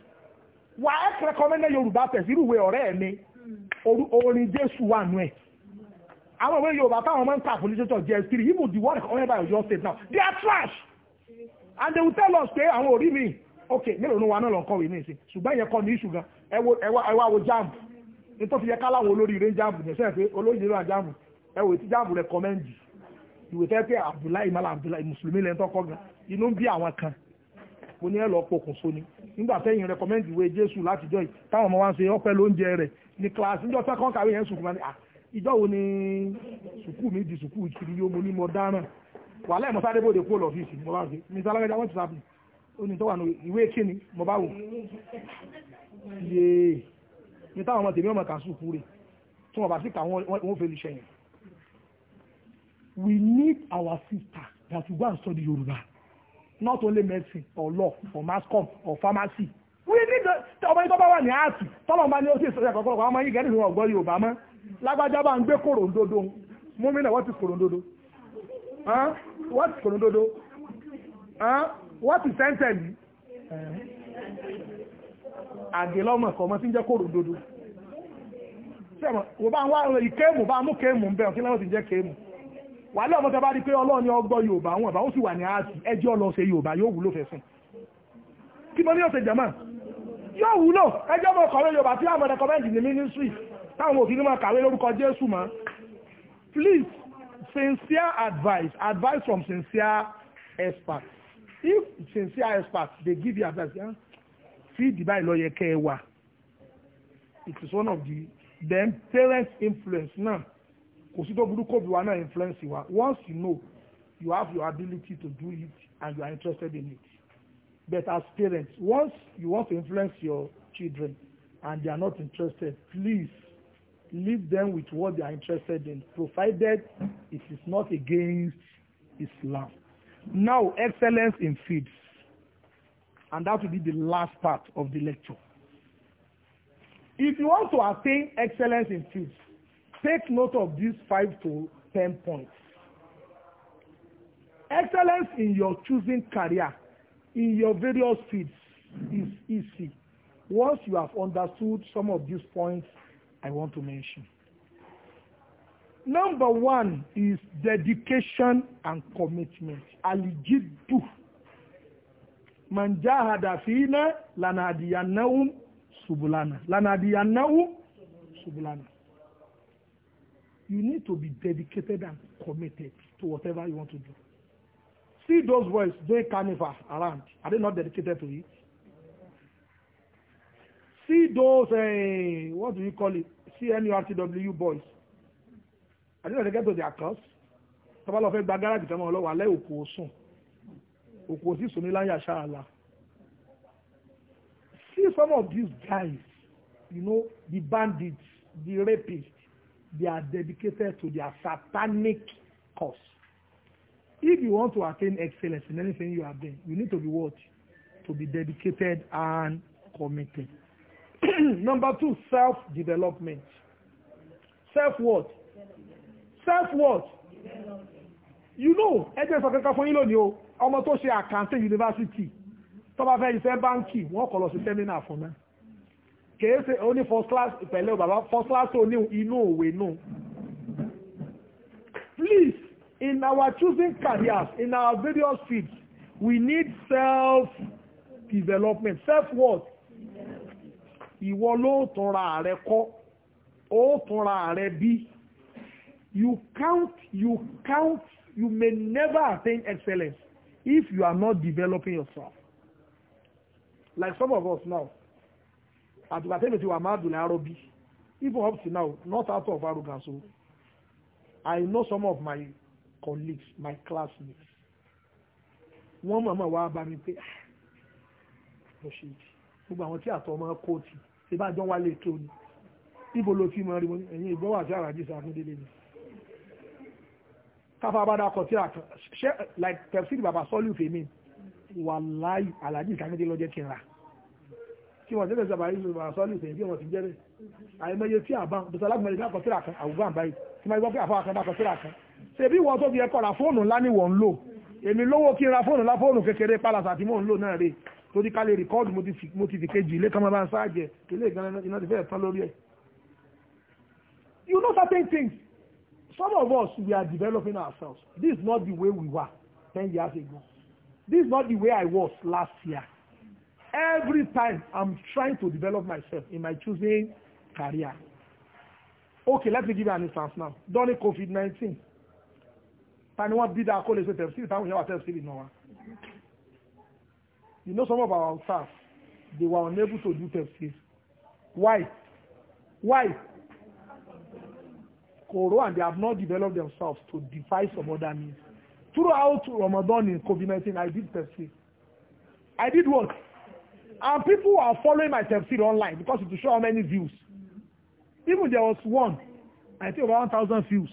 wà á recommended Yorùbá test irú ìwé ọ̀rẹ́ mi orin Jésù wà nù ẹ̀ àwọn ìwé Yorùbá táwọn ọmọ ń kà fún literature jẹ́ three even the one recommended by Oyo state now they are trash and they will tell us pé àwọn òrí mi ok mélòó ni wà náà lọ kọ̀wé ní ìsìn ṣùgbọ́n ìyẹn kọ́ ní ìṣùgbọ́n ẹ wá wo jamb nítorí fi yẹ káláwọn olórí rẹ jáàmù yẹn sẹ́yìn pé olóyè rẹ jáàmù ẹ wò tí jáàmù rẹ kọ́mẹ́ǹdì ìwé tẹ́ pé abdullahi mala abdullahi mùsùlùmí lẹ́yìn tọ́kọ́ gan inú ń bí àwọn kan mo ní ẹ lọ pokùn so ni nígbà tẹ́yìn rẹkọ́mẹ́ǹdì ìwé jésù látijọ́ yìí táwọn ọmọ wa ń ṣe ọpẹ́ lóúnjẹ rẹ̀ ní kíláàsì níjọ́ sẹ́kọ́n kàwé yẹn sùkúù ní ìjọ wo ni sùkúù mi di sùkúù kiri yóò mo ní mo dáràn wà lẹ́yìn mo sáré bòde kúrò lọ́fíìsì mo bá fi mi sálágẹ́jà wọ́n ti sábà ó ní tó wà ní ìwé kíni mo bá wò yéé ní táwọn ọmọ tèmi ọmọ kà sùn fúre tí wọ́n sí káwọn wọ́n fẹ́ ṣẹ̀yìn. we need our sister that we go and study Yoruba not only medicine or law or mass com or pharmacy we need the ọmọ yìí wà ní áàtì tọ́lọ̀ bá ní ó sì sọ̀rọ̀ ọ̀pọ̀lọpọ̀ ọmọ yìí gẹ́rì ìwọ̀n ọ̀gbọ́n Yorùbá mọ́ lágbájá bá ń gbé kòròǹdodo múmínà wọ́n ti kòròǹdodo wọ́n ti kòròǹdodo wọ́n ti sẹ́ńtẹ̀ yìí àgèlọ́mọ̀ kọ̀mọ́ tí ń jẹ́ kòrò dodo wọ́n bá ń wá ìkéèmù bá mú kéèmù ń bẹ̀rùn kí lọ́wọ́ ti jẹ́ kéèmù wà lẹ́ ọmọ tẹ́bá rí pé ọlọ́run ni ọgbọ́ yorùbá wọn bá ó sì wà ní ààtì ẹjọ́ lọ ṣe yorùbá yóò wúlò fẹ̀sìn kí mo ní ọ̀sẹ̀ jẹ̀mọ́ yóò wúlò ẹjọ́ mọ̀ kọ̀wé yorùbá tí àwọn rẹkọmẹ́ndì ní mínísírì táwọn òfin máa kàwé lórúkọ jésù mọ́ please sincere advice advice from sincere experts if sincere experts dey give you advice yeah? fíìdì báyìí lawyer yẹ kẹ́ it is one of the then parents influence náà kò sí tó burú kóbi wa náà influence wa once you know you have your ability to do it and you are interested in it but as parents once you want to influence your children and they are not interested please leave them with what they are interested in provided it is not against Islam now excellence in fields And that will be the last part of the lecture. If you want to attain excellence in fields, take note of these 5 to 10 points. Excellence in your choosing career in your various fields is easy once you have understood some of these points I want to mention. Number one is dedication and commitment. Alijidu manjahada fina lanadiyannahum subulana lanadiyannahum subulana you need to be dedicated and committed to whatever you want to do see those boys doing carnival around are they not dedicated to it see those uh, what do you call it cnurtw boys are they not dedicated to their cause tọ́ba lọ fẹ́ gba gáràjì kan mọ́ ọlọ́wọ́ alẹ́ sùn òkú òsì sùn ní láyà ṣáàlà see some of these guys you know the bandits the rapists they are dedicated to their satanic cause if you want to attain excellence in anything you are doing you need to be what to be dedicated and committed number two self development self what self what you know ẹ jẹ́ sọ kankan fún yín lónìí o ọmọ tó ṣe àkàǹtì yunifásitì tó bá fẹ́ iṣẹ́ báńkì wọ́n kọ̀ lọ sí sẹ́mínà fún náà kìí ṣe ó first class pẹ̀lẹ́ bàbá first class ó ní inú òwe náà please in our choosing careers in our various fields we need self development self worth ìwọ ló tọ́ra rẹ kọ́ ó tọ́ra rẹ bí you count you count you may never attain excellence if you are not developing yourself. Like some of us now, at the time we are mad with Arabi, even up to now, not out of arrogance. So oh, I know some of my colleagues, my classmates. One mọ̀ mọ̀ wá bá mi pé, lọ ah, ṣe ìdí. Gbogbo àwọn tí àtọ̀ ọmọ kóòtù, ṣe bá jọ wálé tó ni. Ibo ló fi mọ̀ rí wọn, ẹ̀yin ìgbọ́wà sí àràjì sàkúndélé ni káfà bá dákọ̀ tí a ṣe like tafsir bàbá sọ́lù fèmí wàláì aláàjì ìkàkéde lọ́jẹ́ kí n ra kí wọ́n tẹ́lẹ̀ sábà yìí bàbá sọ́lù fèmí kí wọ́n ti jẹ́ bẹ́ẹ̀ àìmọye tí àbá bùsọ̀ alágbọ̀nrin dákọ̀ tí a kan àwùgbà àbáyé tí máa gbọ́ pé àfọwọ́ kan dákọ̀ tí a kan ṣe bí wọ́n tó fi ẹkọ̀ ra fóònù ńlá ni wọ́n ń lò èmi lówó kí n ra fóònù ńlá fóònù kékeré pálásà tí mò ń lò náà rè torí ká lè rìkọ́ọ̀dù mo ti fi kejì ilé kan máa bá ń sáàjẹ ilé ìgbàlẹ́ iná ti fẹ́ẹ̀ tán lórí ẹ̀ you know certain things Some of us, we are developing ourselves. This is not the way we were 10 years ago. This is not the way I was last year. Every time I'm trying to develop myself in my choosing career. Okay, let me give you an instance now. During COVID-19, tani wọ́n bí dáa kó lè ṣe tẹ̀sílì táwọn èèyàn wà tẹ̀sílì náà wá. You know some of our staff, they were unable to do tẹ̀sílì. Why? Why? Koro and they have not developed themselves to defy some other means. Throughout Ramadan in COVID-19, I did tafsir. I did work. And people are following my tafsir online because it will show how many views. Even there was one, I think about 1,000 views.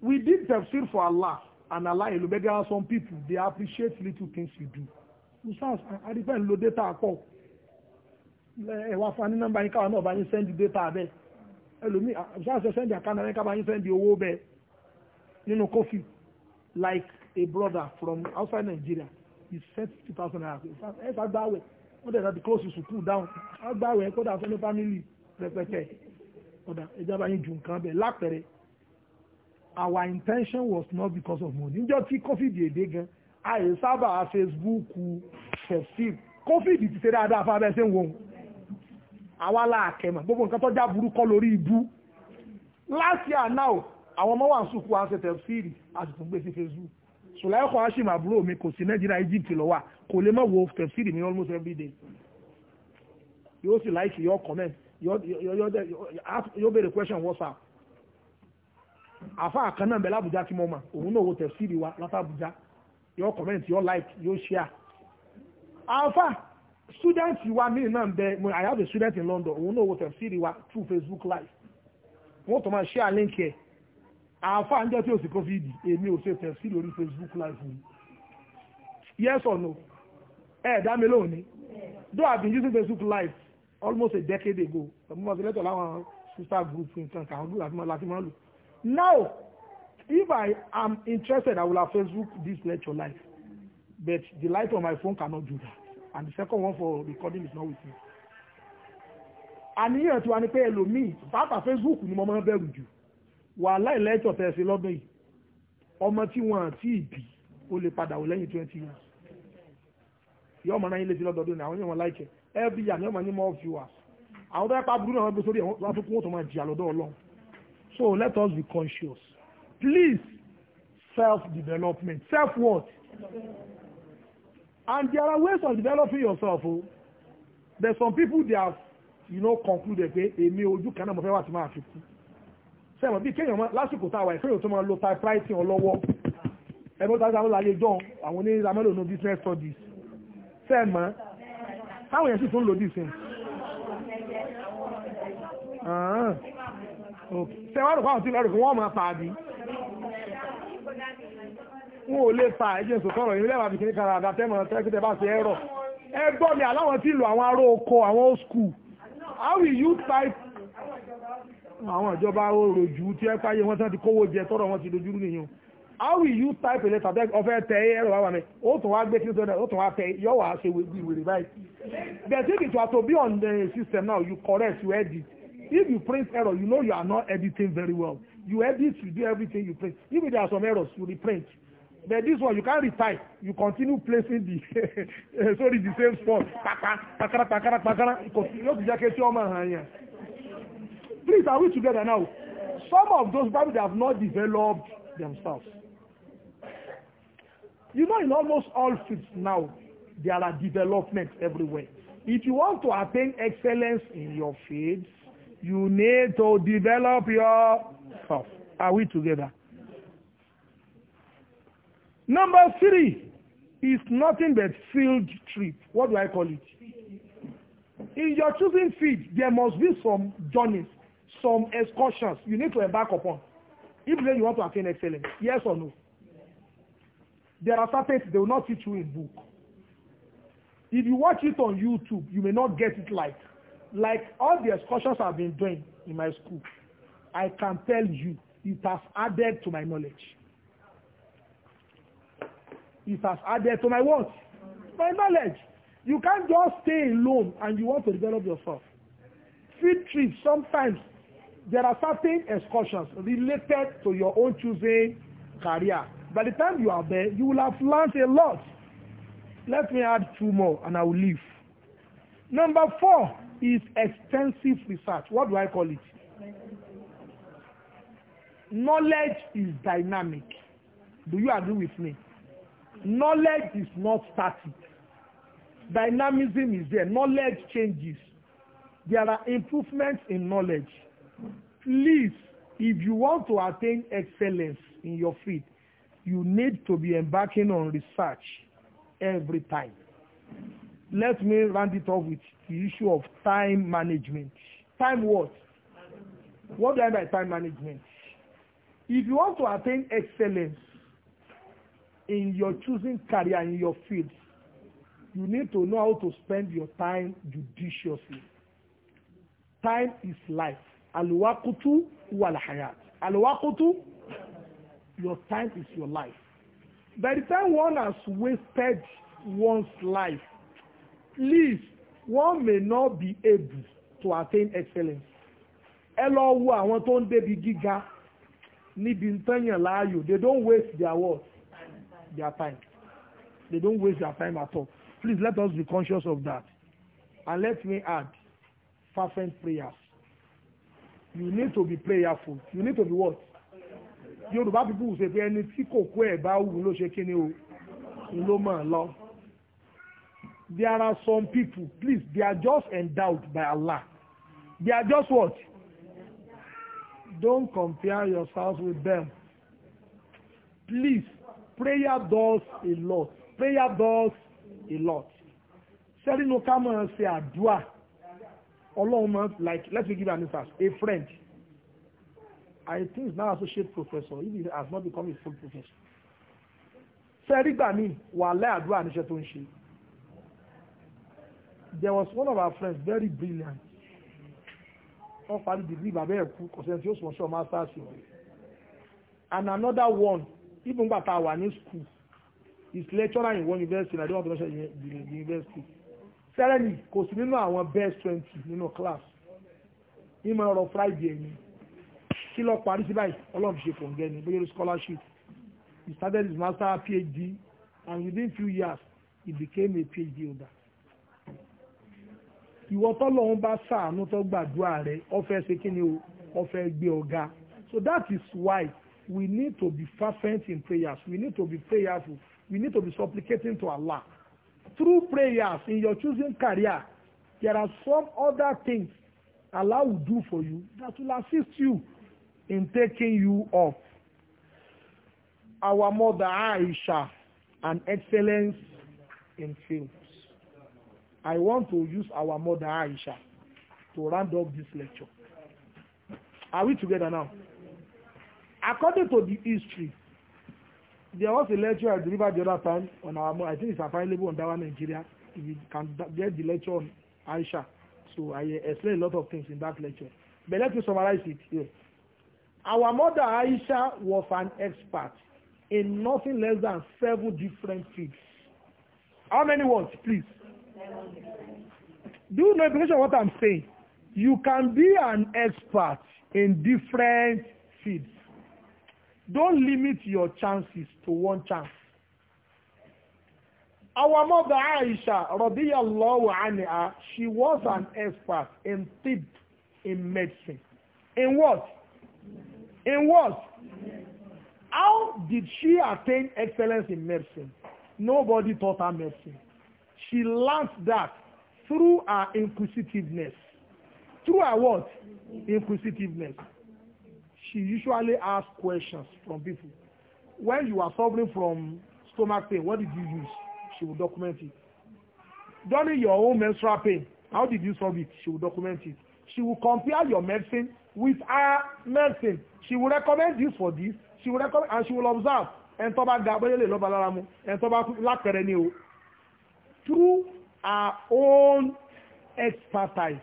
We did tafsir for Allah. And Allah alone. Elubega, some people, they appreciate little things you do. You sound, I depend on the data I call. Ẹ eh, eh, wá fún wa ní nọ́mbà yín káwọn náà bá yín send data abẹ́ ẹlòmí àṣẹ ah, sẹ́ndì àkànnà rẹ̀ kábàáyín sẹ́ndì owó bẹ́ẹ̀ nínú kófì like a brother from outside Nigeria he sent two thousand naira ẹ fà gbáwẹ̀ wọ́n dẹ̀ láti close sùkúù down wọ́n gbáwẹ̀ kódà fẹ́ ní family rẹpẹtẹ ọ̀dà ìjọba yín ju nǹkan bẹ̀ lápẹ̀rẹ̀ our intention was not because of money níjọ́ tí covid èdè gan àìsábà Facebook tẹ̀síf covid ti ṣe dáadáa fábẹ́ ṣe ń wọ̀n àwa láàkẹ́mọ̀ gbogbo nǹkan tó já burúkọ lórí ibú last year now àwọn ọmọ wà ń sùkú wa ń ṣe tẹ̀síìrì àtùtù gbé sí facebook sùláìkọ̀ hashim àbúrò mi kò sí nàìjíríà egypt lọ́wọ́ kò lè mọ̀ wo tẹ̀síìrì mi almost every day yóò sì láìkì yóò comment yóò béèrè question whatsapp àfa àkànnà ń bẹ lábújá tí mo mà òun náà wo tẹ̀síìrì wa látàbújá yóò comment yóò like yóò share àfa students wa mí náà ń bẹ I have a student in London òun náà wo tẹ̀síìrì wa through Facebook live wọ́n tó máa share link ẹ̀ àáfà ń jẹ́ tí ó sì covid èmi ò ṣe tẹ̀síìrì orí Facebook live mi yes or no ẹ̀ dá mi lóhùn though I been using Facebook live almost a decade ago ọmọ ọsẹ lẹ́tọ̀ láwọn sister group nǹkan kan àwọn group láti máa lò now if I am interested I will have Facebook this lecture live but the light on my phone cannot do that and the second one for recording is not with me. àníyàn tiwa ni pé ẹlòmíì pàápàá Facebook ni mo máa ń bẹ̀rù jù wàhálà ìlẹ́jọ̀ tẹ̀ sí lọ́dún yìí ọmọ tí wọn àti ìbí ó lè padà wò lẹ́yìn twenty years yọ ọmọ náà yín létí lọ́dọọdún ni àwọn yóò wọn láìkẹ́ every year ni ọmọ ní more viewers àwọn tó yẹ pa burú náà wọn gbé sórí ẹ̀wọ̀n wọn tó kún wọn tó máa jìyà lọ́dọ̀ ọlọ́run so let us be conscious please self development self worth And there are ways of developing yourself. Oh. There's some people they have, you know, concluded pé èmi ojú kan náà mo fẹ́ wà tí máa fi kú. Sẹ́wọ̀n bí kéèyàn máa lásìkò tá a wà ìkéèyàn tó máa lo typewriting ọlọ́wọ́. Ẹgbẹ́ tó sábà láyé jọ àwọn oní Amẹ́lò no business studies. Sẹ́ẹ̀mọ́, táwọn èèyàn sì tún lò dìísìn. Sẹ́wọ́n àrùkọ́ àwọn tí wọ́n máa pàdé wọn ò fa ẹ̀jẹ̀ sòtọ́rọ̀ yìí lẹ́wàá bìkínní kan àdá tẹ́mọ̀ tẹ́kítẹ́ bá ṣe ẹ̀rọ ẹ mi àláwọn tí lo àwọn aró oko àwọn old school how will type àwọn ìjọba òròjú tí ẹ páyé wọn tí wọn ti kówó jẹ tọrọ wọn ti dojú nìyẹn how will you type a letter bẹ́ẹ̀ ọ̀fẹ́ tẹ ẹ̀rọ wàwà mi ó tún wá gbé kí ló tún wá tẹ yọ wá ṣe bí wèrè báyìí but if it was to be on the system now you correct you edit if you print error you know you are not editing very well you edit you do everything you print if there are some errors you reprint But this one, you can't retire. You continue placing the, eh, sorry, the same spot. Pakara, pakara, pakara. You continue to jacket your man. Please, are we together now? Some of those Bibles, have not developed themselves. You know, in almost all fields now, there are developments everywhere. If you want to attain excellence in your fields, you need to develop yourself. Are we together? Number three is nothing but field trip. What do I call it? In your choosing field, there must be some journeys, some excursions you need to embark upon. If then you want to attain excellence, yes or no? There are certain things they will not teach you in book. If you watch it on YouTube, you may not get it like. Like all the excursions I've been doing in my school, I can tell you it has added to my knowledge is as added to my words. My knowledge. You can't just stay alone and you want to develop yourself. Field trips, sometimes there are certain excursions related to your own choosing career. By the time you are there, you will have learned a lot. Let me add two more and I will leave. Number four is extensive research. What do I call it? Knowledge is dynamic. Do you agree with me? knowledge is not static. Dynamism is there. Knowledge changes. There are improvements in knowledge. Please, if you want to attain excellence in your field, you need to be embarking on research every time. Let me round it off with the issue of time management. Time what? What do I mean by time management? If you want to attain excellence in your choosing career in your field you need to know how to spend your time judiciously time is life alwakutu walhayat alwakutu your time is your life by the time one has wasted one's life please one may not be able to attain excellence ẹ lọ wo àwọn tó ń débi gíga níbi ń tẹ̀yàn láàyò they don't waste their words their time. They don't waste their time at all. Please let us be conscious of that. And let me add, fervent prayers. You need to be prayerful. You need to be what? Yorùbá people will say ẹni tí kò kó ẹ̀ bá ló ṣe kí ni o ló mọ̀ lọ. There are some people, please, they are just endowed by Allah. They are just what? Don't compare yourselves with them. Please, prayer does a lot prayer does a lot sẹ́rínú ká máa ṣe àdúà ọlọ́run máa like let me give you an example a friend I think is now associate professor if he has not become a full professor sẹ́rí gbà mí wàhálà àdúrà níṣẹ́ tó ń ṣe there was one of our friends very brilliant wọ́n parí degree bàbá ẹ̀ kú kọ̀sẹ̀ tí ó sùn masters in and another one even gbà tá a wà school his lecturer in one university I don't want to mention the university sẹ́rẹ́nì kò sí nínú àwọn best twenty nínú class ní mo rọ friday ẹ̀yìn kí lọ parí sí báyìí ọlọ́run ṣe kò ń ni bóyá scholarship he started his master phd and within few years he became a phd holder ìwọ tọ́lọ́run bá ṣàánú tó gbàdúrà rẹ̀ ó fẹ́ ṣe kí ni ó gbé ọ̀gá so that is why we need to be fervent in prayers. We need to be prayerful. We need to be supplicating to Allah. Through prayers in your choosing career, there are some other things Allah will do for you that will assist you in taking you off. Our mother Aisha, an excellence in films. I want to use our mother Aisha to round up this lecture. Are we together now? according to the history there was a lecture I delivered the other time on our I think it's available on Dawa Nigeria if you can get the lecture on Aisha so I explain a lot of things in that lecture but let me summarize it here our mother Aisha was an expert in nothing less than seven different fields how many words please do you know implication what I'm saying you can be an expert in different fields Don't limit your chances to one chance. Our mother Aisha, radiyallahu anha, she was an expert in tip, in medicine. In what? In what? How did she attain excellence in medicine? Nobody taught her medicine. She learned that through her inquisitiveness. Through her what? Inquisitiveness she usually asks questions from people. When you are suffering from stomach pain, what did you use? She will document it. During your own menstrual pain, how did you solve it? She will document it. She will compare your medicine with her medicine. She will recommend this for this. She will recommend and she will observe. Ẹn tó bá ga bóyá o. Through her own expertise,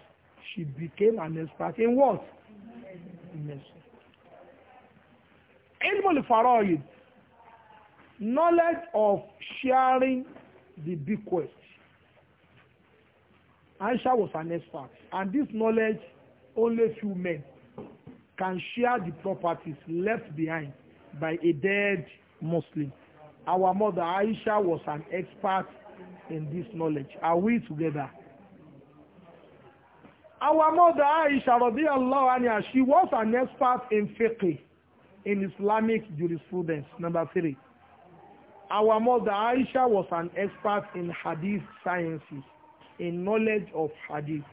she became an expert in what? medicine ilmul faraid knowledge of sharing the bequest Aisha was an expert and this knowledge only few men can share the properties left behind by a dead Muslim. Our mother Aisha was an expert in this knowledge. Are we together? Our mother Aisha, radiallahu anha, she was an expert in fiqh in Islamic jurisprudence. Number three, our mother Aisha was an expert in Hadith sciences, in knowledge of Hadith.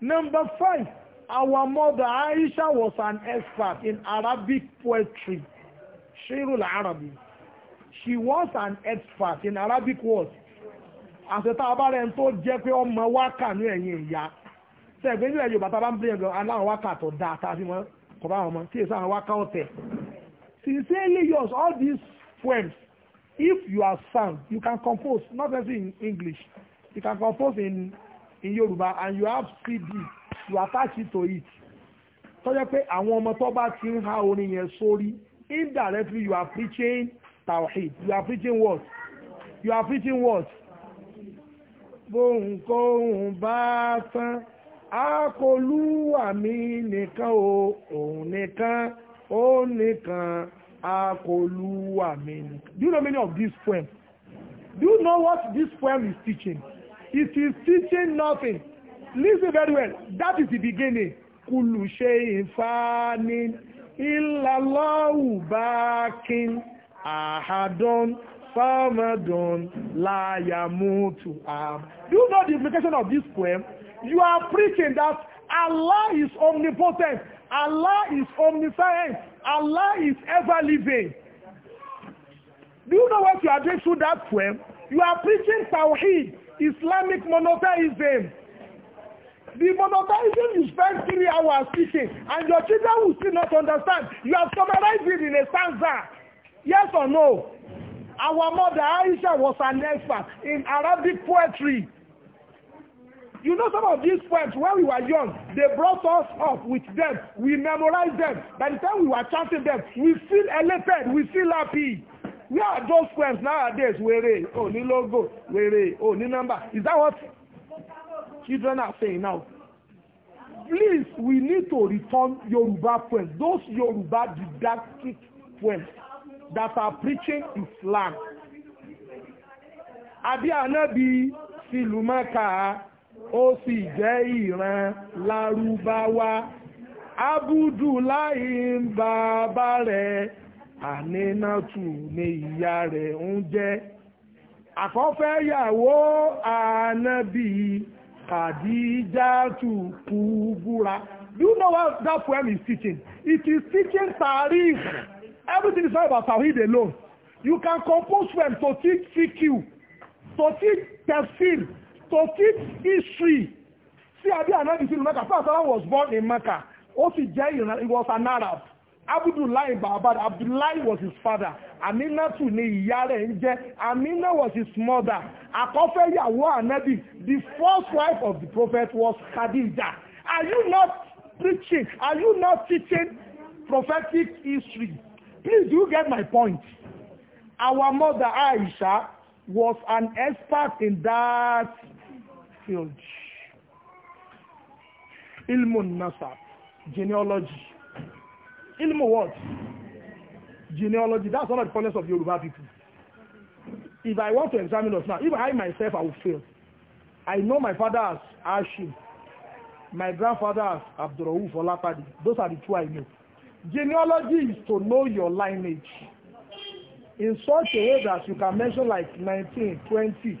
Number five, our mother Aisha was an expert in Arabic poetry, Shirul Arabi. She was an expert in Arabic words. Àṣetá abárẹ̀ tó jẹ́ pé ọmọ wákà ní ẹ̀yìn ìyá. Ṣé ìgbésílẹ̀ Yorùbá tá a bá ń pè é aláwọ̀ wákà tó dáa tá a fi mọ́ kò bá tí èsì àwọn wákà ọ̀tẹ̀ sincerely yours all these poems if you are sound you can compose not only in English you can compose in in Yoruba and you have CD you attach it to it tọ́jọ́ pé àwọn ọmọ tó bá ti ń há orin yẹn sórí indirectly you are preaching tawhid you are preaching what you are preaching what. bóun kóun bá tán akọlúwà mi nìkan o òun nìkan ó nìkan akọlúwà mi Do you know many of this poem? Do you know what this poem is teaching? It is teaching nothing. Listen very well. That is the beginning. Kulu ṣe ìfani ìlàlọ́wù bá kín àhádọ́n fámẹ́dọ́n láyàmútù. Do you know the implication of this poem? you are preaching that Allah is omnipotent, Allah is omniscient, Allah is ever living. Do you know what you are doing through that poem? You are preaching tawhid, Islamic monotheism. The monotheism you spend three hours teaching and your children will still not understand. You have summarized it in a stanza. Yes or no? Our mother Aisha was an expert in Arabic poetry. You know some of these poems, when we were young, they brought us up with them. We memorized them. By the time we were chanting them, we feel elated. We feel happy. Where are those poems nowadays? Were, oh, ni logo. Were, oh, ni number. Is that what children are saying now? Please, we need to return Yoruba poems. Those Yoruba didactic poems that are preaching Islam. Abi Anabi Silumaka ó sì jẹ́ ìran lárúbáwá abudulayi ń bàbá rẹ̀ ànínàtù ni ìyá rẹ̀ ń jẹ́ àkọ́fẹ́ yàwó ànábì kàdíjàtù kúbúra do you know what that poem is teaching it is teaching tariq everything is all about tariq alone you can compose poem to teach fiqh to teach tafsir to teach history sí abi anabi sínú mẹ́ka fásitì was born in mẹ́ka ó sì jẹ́ ìran he was an arab abdullahi baba abdullahi was his father aminatu ni ìyá rẹ̀ ń jẹ́ amina was his mother àkọ́fẹ́yàwó anabi the first wife of the prophet was khadija are you not preaching are you not teaching prophetic history please do you get my point our mother aisha was an expert in that field ilmu Nasa, genealogy ilmu what genealogy that's one of the problems of Yoruba people if I want to examine us now if I myself I will fail I know my father as Ashim my grandfather as Abdurrauf Olapadi those are the two I know genealogy is to know your lineage in such a way that you can mention like 19 20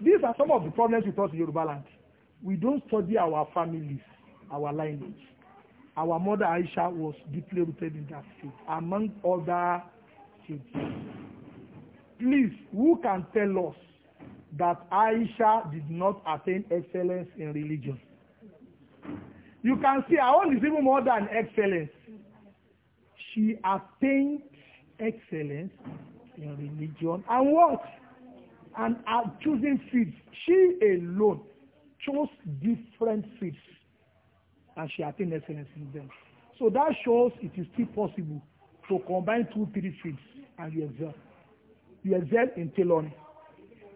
These are some of the problems with us in Yoruba land. We don't study our families, our lineage. Our mother Aisha was deeply rooted in that faith, among other faiths. Please, who can tell us that Aisha did not attain excellence in religion? You can see our own is even more than excellence. She attained excellence in religion and what? and are choosing fields. She alone chose different fields and she attained excellence in them. So that shows it is still possible to combine two, three fields and you excel. You excel in tailoring.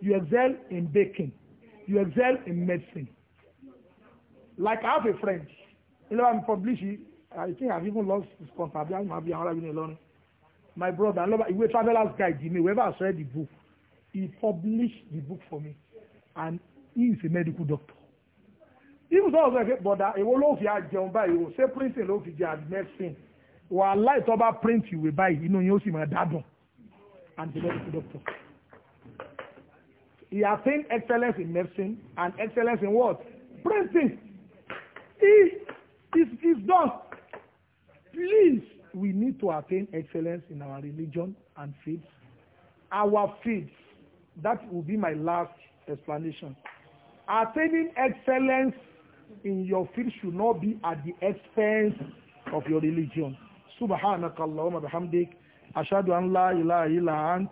You excel in baking. You excel in medicine. Like I have a friend, you know, I'm publishing, I think I've even lost his contact. I don't know might be around in London. My brother, I love, he was a traveler's guide, to me. may ever read the book he published the book for me and he is a medical doctor even though ọ̀sẹ̀ pé bọ̀dà èwo ló fi àjẹun báyìí o ṣé printing ló fi jẹ and medicine wàhálà ìtọ́ba print ìwé báyìí inú yóò sì máa dádùn and the medical doctor he attained excellence in medicine and excellence in what printing he is is done please we need to attain excellence in our religion and faith our faith That will be my last explanation. Attaining excellence in your field should not be at the expense of your religion. Subhanaka Allahumma bihamdik, أشهد أن لا إله إلا أنت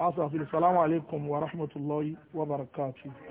أصرف alaikum wa rahmatullahi wa barakatuh.